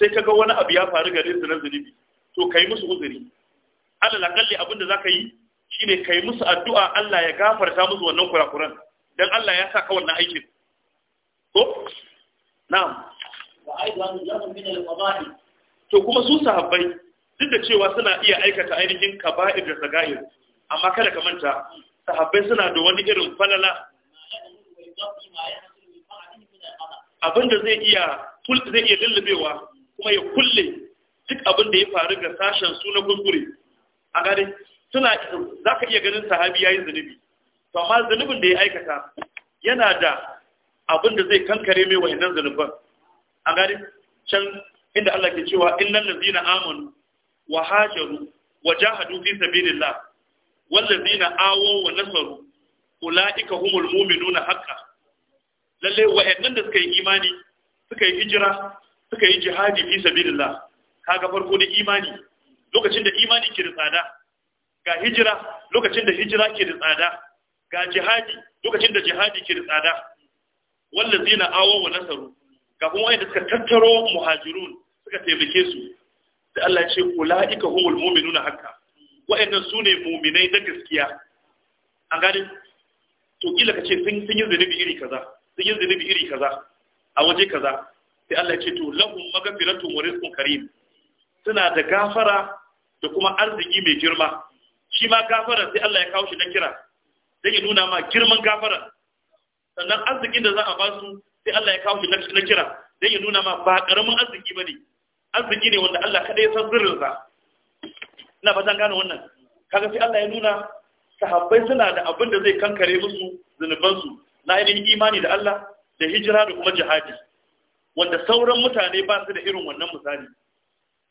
sai kaga wani abu ya faru gare su na zunubi to kai musu uzuri alal kalli abin da zaka yi shine kai musu addu'a Allah ya gafarta musu wannan kurakuran dan Allah ya saka wannan aikin ko na'am wa aidan min al-qada'i to kuma su sahabbai duk da cewa suna iya aikata ainihin kaba'ir da sagair amma kada ka manta sahabbai suna da wani irin falala abinda zai iya zai iya lullubewa kuma ya kulle duk abin da ya faru ga sashen su na kuskure a gare suna za ka iya ganin sahabi ya yi zunubi to amma zunubin da ya aikata yana da abin da zai kankare mai wayannan zunuban a gare can inda Allah ke cewa innal ladzina amanu wa hajaru wa jahadu fi sabilillah wal ladzina awaw wa nasaru ulaika humul mu'minuna haqqan lalle wayannan da suka yi imani suka yi hijira suka yi jihadi fi sabilillah kaga farko da imani lokacin da imani ke da tsada ga hijira lokacin da hijira ke da tsada ga jihadi lokacin da jihadi ke da tsada na awaw wa nasaru ga kuma wanda suka tattaro muhajirun suka taimake su da Allah ya ce ulaika humul mu'minuna hakka wa'annan sune mu'minai da gaskiya an gani? to kila kace sun sun yi zunubi iri kaza sun yi zunubi iri kaza a waje kaza sai Allah ya ce to lahum maghfiratun wa rizqun karim suna da gafara da kuma arziki mai girma shi ma gafara sai Allah ya kawo shi na kira zai nuna ma girman gafara sannan arzikin da za a ba su sai Allah ya kawo shi na kira zai nuna ma ba karamin arziki bane arziki ne wanda Allah kada ya san sirrinsa ina zan gane wannan kaga sai Allah ya nuna sahabbai suna da abin da zai kankare musu zunubansu na irin imani da Allah da hijira da kuma jihadi wanda sauran mutane ba su da irin wannan misali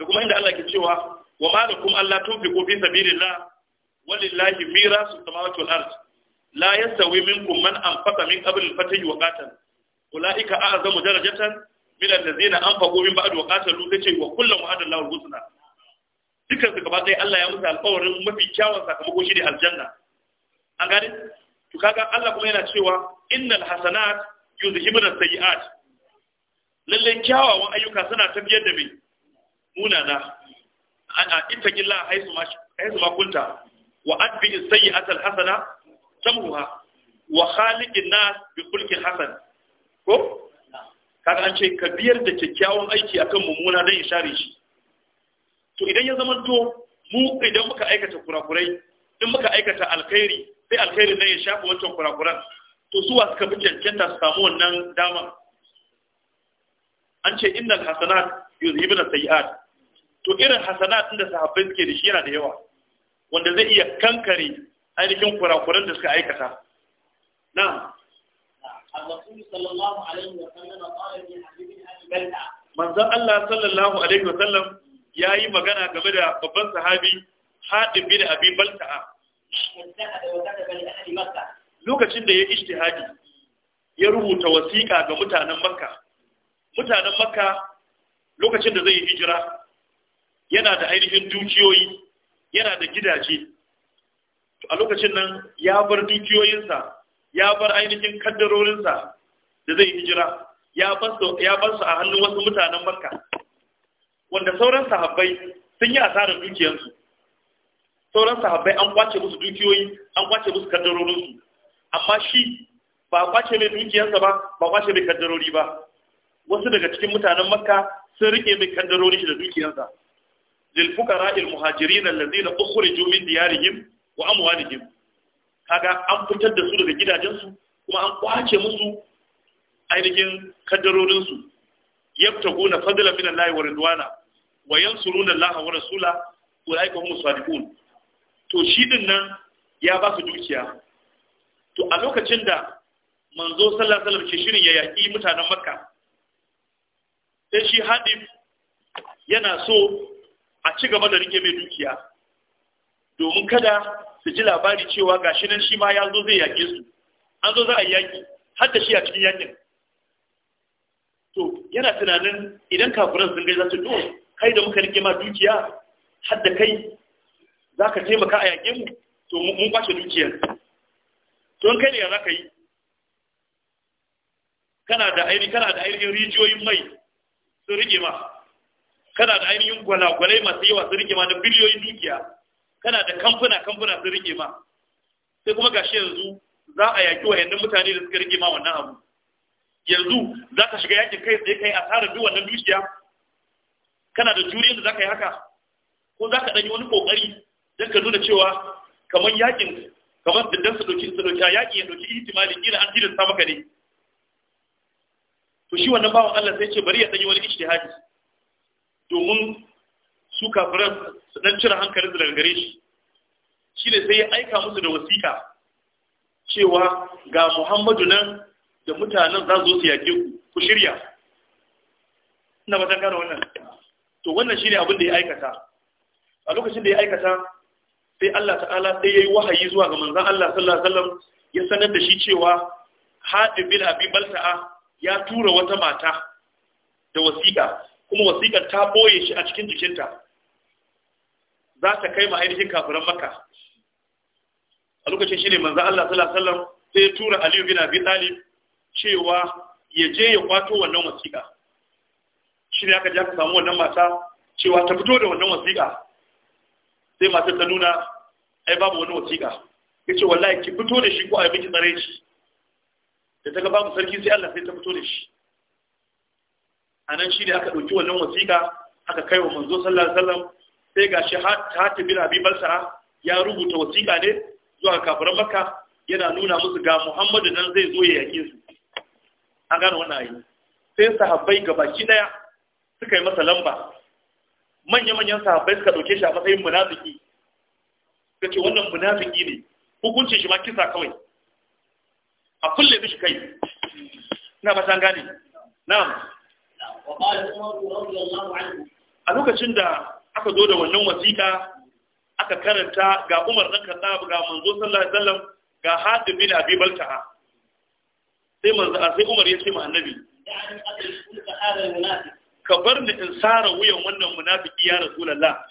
da kuma inda Allah ke cewa wa ma lakum alla tunfiqu fi sabilillah walillahi mirasu samawati wal ard la yastawi minkum man anfaqa min qabl al wa qatal ulaika a'zamu darajatan min allazina anfaqu min ba'd wa qatalu tace wa kullu wa'ada husna dukkan su gaba ɗaya Allah ya musu alƙawarin mafi kyawun sakamako shi ne aljanna an gane to kaga Allah kuma yana cewa innal hasanat yuzhibuna sayi'at Lallai kyawawan ayyuka suna tafiyar da mai munana ana ittaqilla haisu ma haisu ma kunta wa adbi sayyi'atal hasana tamuha wa khaliqin nas bi kulli hasan ko kaga an ce ka biyar da kyakkyawan aiki akan mummuna dan ya share shi to idan ya zama to mu idan muka aikata kurakurai in muka aikata alkhairi sai alkhairi dan ya shafa wancan kurakuran to su wa suka fi cancanta su samu wannan dama an ce innal hasanat yuzhibuna sayi'at to irin hasana ɗin da sahabbai suke da shi yana da yawa wanda zai iya kankare ainihin kurakuran da suka aikata na الرسول Allah sallallahu Alaihi Wa Sallam ya yi magana game da babban sahabi Hadib bin Abi Balta'a lokacin da ya ijtihadi ya rubuta wasiƙa ga mutanen Makka mutanen Makka lokacin da zai yi hijira yana da ainihin dukiyoyi yana da gidaje a lokacin nan ya bar dukiyoyinsa ya bar ainihin kaddarorinsa da zai hijira ya bar su a hannun wasu mutanen makka wanda sauran sahabbai sun yi asarar dukiyarsu sauran sahabbai an kwace musu dukiyoyi an kwace musu kaddarorinsu amma shi ba kwace mai dukiyarsa ba ba kwace mai kaddarori ba wasu daga cikin mutanen makka sun rike mai kaddarori shi da dukiyarsa lil fuqara al muhajirin alladhina ukhriju min diyarihim wa amwalihim kaga an fitar da su daga gidajensu kuma an kwace musu ainihin kaddarorin su yabtaguna fadlan min Allah wa ridwana wa yansuruna Allah wa rasula ulaika hum sadiqun to shi din nan ya ba dukiya to a lokacin da manzo sallallahu alaihi wasallam ke shirin ya yaki mutanen makka sai shi hadif yana so a ci gaba da rike mai dukiya domin kada su ji labari cewa gashi nan shi ma ya zo zai yaƙe su an zo za a yaƙi har da shi a cikin yaƙin to yana tunanin idan kafuran sun gai za su to kai da muka rike ma dukiya har da kai za ka taimaka a yaƙe mu to mun kwace dukiyar to in kai ne ya za ka yi kana da ainihin rijiyoyin mai sun rike ma kana da ainihin gwalagwalai masu yawa su rike ma da biliyoyin dukiya kana da kamfuna kamfuna su rike ma sai kuma gashi yanzu za a yaki wayannan mutane da suka rike ma wannan abu yanzu za ka shiga yakin kai sai kai asarar duk wannan dukiya kana da juriyar da za ka yi haka ko za ka ɗanyi wani ƙoƙari don ka nuna cewa kamar yakin kamar da dan su ɗauki su ɗauki yakin ya ɗauki ihtimalin ƙila an tilasta maka ne to shi wannan bawan Allah sai ce bari ya ɗanyi wani ijtihadi domin su kafiran su dan cire hankalin su daga gare shi shi ne sai ya aika musu da wasiƙa cewa ga muhammadu nan da mutanen za su yaƙe ku ku shirya ina ba ta gano wannan to wannan shi ne abin da ya aikata a lokacin da ya aikata sai Allah ta'ala sai ya yi wahayi zuwa ga manzan Allah sallallahu alaihi wasallam ya sanar da shi cewa haɗin bin abi balta'a ya tura wata mata da wasiƙa kuma wasiƙa ta boye shi a cikin jikinta za ta kai ma ainihin kafiran maka a lokacin shi ne manzan Allah sallallahu sai ya tura Aliyu bin Abi Talib cewa ya je ya kwato wannan wasiƙa shi ne aka ji aka samu wannan mata cewa ta fito da wannan wasiƙa sai matar ta nuna ai babu wani wasiƙa ya ce wallahi ki fito da shi ko a yi miki tsare shi da ta ga babu sarki sai Allah sai ta fito da shi a nan shi ne aka ɗauki wannan wasiƙa aka kai wa manzo sallallahu alaihi wasallam sai ga shi hati bin abi balsara ya rubuta wasiƙa ne zuwa kafiran makka yana nuna musu ga muhammadu nan zai zo ya yaƙe su an gane wannan ayi sai sahabbai ga baki ɗaya suka yi masa lamba manya-manyan sahabbai suka ɗauke shi a matsayin munafiki Ga ce wannan munafiki ne hukuncin shi ma kisa kawai a kulle mishi kai na ba gane na'am a lokacin da aka zo da wannan wasiƙa aka karanta ga Umar ɗan Khattab ga manzo sallallahu alaihi wasallam ga Hatib bin Abi Baltaha sai manzo sai Umar ya ce ma annabi ka bar ni in sara wuyan wannan munafiki ya rasulullah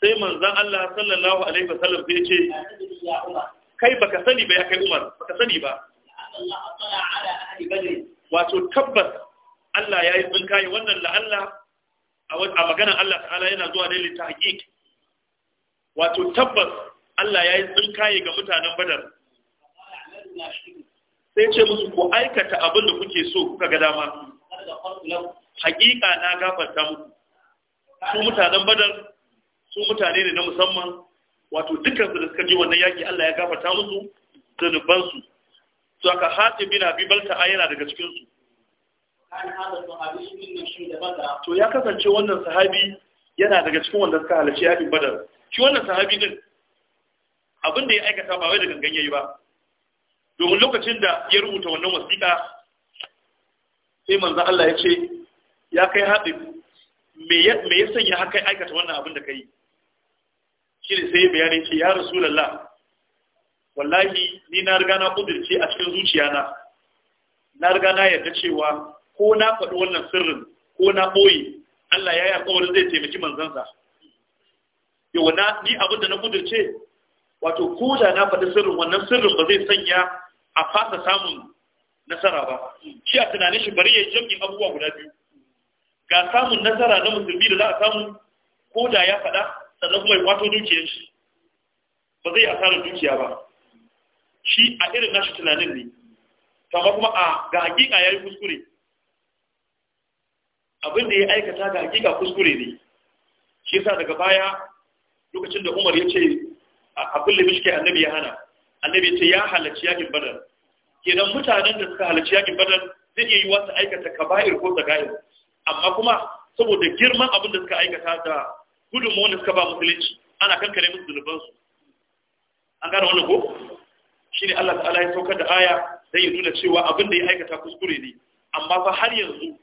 sai manzan Allah sallallahu alaihi wasallam sai ce kai baka sani ba ya kai Umar baka sani ba wato tabbas Allah ya yi tsinkaye wannan la'alla a maganar Allah ta'ala yana zuwa ne ta haƙiƙi wato tabbas Allah ya yi tsinkaye ga mutanen badar sai ce musu ku aikata abin da kuke so kuka ga dama haƙiƙa na gafarta muku su mutanen badar su mutane ne na musamman wato dukkan su da suka je wannan yaƙi Allah ya gafarta musu zunubansu to aka hatim bin abi balta yana daga cikin su to ya kasance wannan sahabi yana daga cikin wanda suka halarci yakin badar shi wannan sahabi din abin da ya aikata ba wai da gangan yayi ba domin lokacin da ya rubuta wannan wasiƙa sai manzo Allah ya ce ya kai haɗin me ya sanya haka aikata wannan abin da ka yi shi ne sai bayani ce ya rasulullah wallahi ni na riga na kudirce a cikin zuciyana na riga na yarda cewa ko na faɗi wannan sirrin ko na ɓoye Allah ya yi alƙawarin zai taimaki manzansa yau na ni abin da na kudirce wato ko da na faɗi sirrin wannan sirrin ba zai sanya a fasa samun nasara ba shi a tunanin shi bari ya jam'in abubuwa guda biyu ga samun nasara na musulmi da za a samu ko da ya faɗa sannan kuma ya kwato dukiyar shi ba zai asarar dukiya ba shi a irin nashi tunanin ne kamar kuma a ga hakika ya yi kuskure abin da ya aikata ga hakika kuskure ne shi sa daga baya lokacin da umar ya ce a kulle mishke annabi ya hana annabi ya ce ya halarci yakin badar kenan mutanen da suka halarci yakin badar zai iya yi wasu aikata kaba'ir ko gayar amma kuma saboda girman abin da suka aikata da gudunmu wanda suka ba musulunci ana kankare musu zunubansu an gane wannan ko Shin Allah ta'ala ya saukar da aya zai ya nuna cewa abin da ya aikata kuskure ne amma fa har yanzu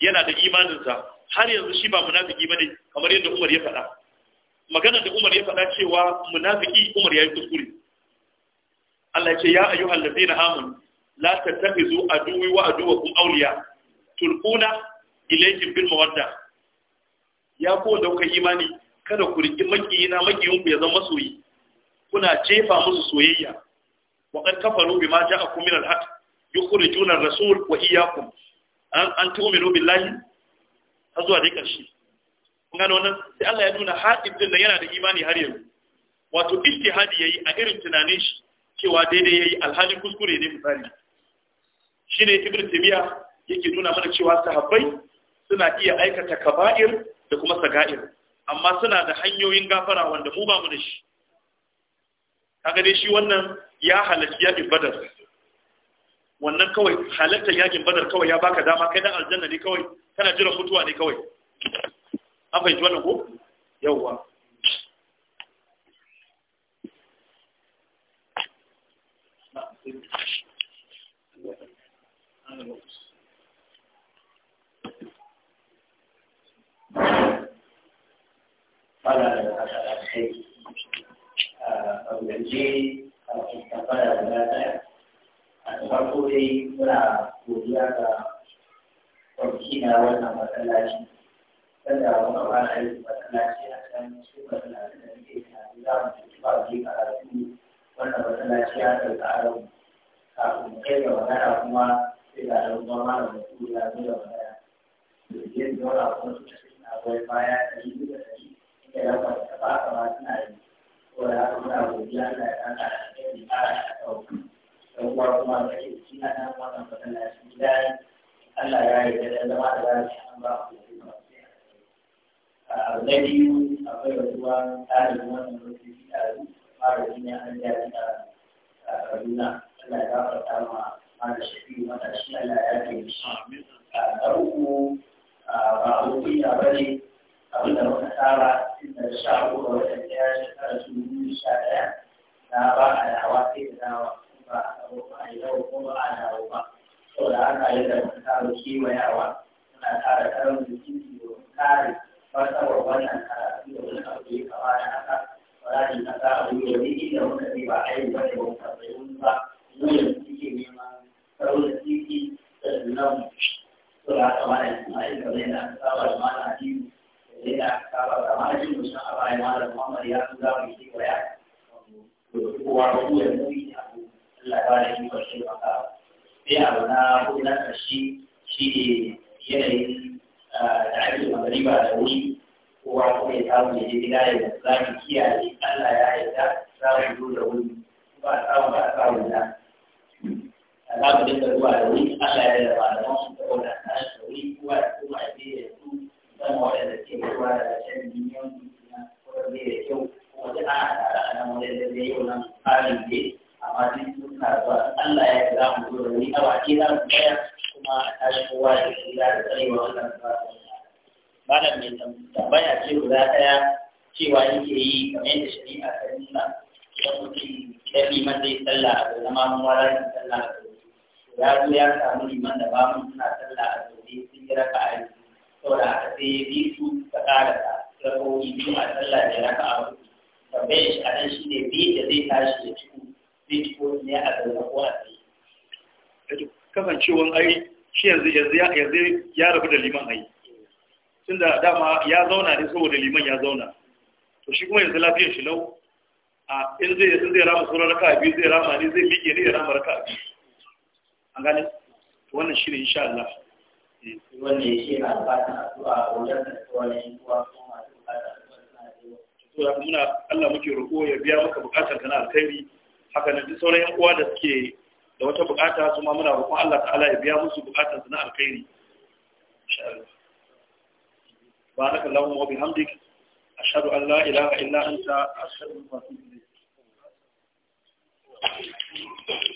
yana da imaninsa har yanzu shi ba munafiki bane kamar yadda Umar ya faɗa magana da Umar ya faɗa cewa munafiki Umar ya yi kuskure Allah ya ce ya ayyuhal ladina amanu la tattakhizu aduwi wa aduwakum awliya tulquna ilayhim bil mawadda ya ko da kuka imani kada ku riki makiyina makiyinku ya zama masoyi. kuna jefa musu soyayya wa qad kafaru bima ja'akum min al-haq yukhrijuna ar-rasul wa iyyakum an an tu'minu billahi har zuwa dai karshe kun gano sai Allah ya nuna haɗin din nan yana da imani har yanzu wato ijtihadi yayi a irin tunanin shi cewa daidai yayi alhalin kuskure ne misali shine ibnu taymiya yake nuna mana cewa sahabbai suna iya aikata kaba'ir da kuma saga'ir amma suna da hanyoyin gafara wanda mu bamu da shi kaga dai shi wannan ya halarci yakin badar wannan kawai halartar yakin badar kawai ya baka dama kai dan aljanna ne kawai kana jiran mutuwa ne kawai an fahimci wannan ko yawwa قال على a ƙaunance a tabbata da lafiya a da farko dai muna godiya ga kwamfi na wannan matsalaci sanda muka fara aiki matsalaci a can su matsalaci da muke tunani za mu tafi ba mu karatu wannan matsalaci ya ɗauka aron kafin kai ga magana kuma sai ga ɗan uwan malam da su ya zo da magana da yin dole a kuma su tafi na goyon baya ɗari biyu da ɗari inda ya kwanta ba a kama suna yi ولا أقول لا لا لا Allah ya yi da zama da ya shi an ba ku da ba abu da biyu akwai rasuwa tsarin wannan lokaci da fara jinya an ya ji a kaduna Allah ya gafarta ma mara shafi mata shi Allah ya ke shi da uku ba a wuce ya bane abin da muka saba inda sha uku ga watan ɗaya shekara su biyu sha ɗaya na ba a dawa sai da dawa ba a dawo ba a yau ko ba a dawo ba saboda haka da muka saba kewayawa muna tara karin jiki domin kare martabar wannan karatu da wani abu da ya kama da haka farashin kasa a da wani inda muka ce ba a yi ba da wani karɓi wani ba dole suke neman karo da titi da sunan mu. Sura kamar da Ismail ne da aka saba da mana addini yadda aka saba da mana jin mutum a bayan malam Muhammad ya su zamu yi waya kowa ko ya nuyi da Allah ba da shi ba shi ba sai abu na ko na kashi shi ne yanayin da ake magariba da wuri kowa ko ya samu ya je gida ya zamu kiyaye Allah ya yarda za mu zo da wuri ba a samu ba a samu da za mu dinga zuwa da wuri Allah ya yarda ba da mu saboda na da wuri kowa sama waɗanda ke ruwa da shan da kyau a da zai nan amma suna Allah ya ga mu zo da ni awa kuma a tashi kowa da ta tambaya ce guda cewa yake yi a gobe ma mun wara yin sallah a gobe ya da suna a gobe sun saboda haka sai ya bi su ta ƙara ta rakowi biyu a sallah da raka a ta bai shi a nan shi ne biyu da zai tashi da ciku zai ko ne a zaune ko a tsaye. kasancewan ai shi yanzu yanzu ya rabu da liman ai da dama ya zauna ne saboda liman ya zauna to shi kuma yanzu lafiyar shi lau a in zai in zai rama sauran raka biyu zai rama ne zai miƙe ne ya rama raka biyu an gane to wannan shi ne insha Allah ya muna Allah muke roƙo ya biya maka buƙatar ka na alkhairi haka nan duk sauran uwa da suke da wata buƙata su ma muna roƙon Allah ta'ala ya biya musu buƙatar su na alkhairi. بارك الله وبحمدك أشهد أن لا إله إلا أنت أشهد أن لا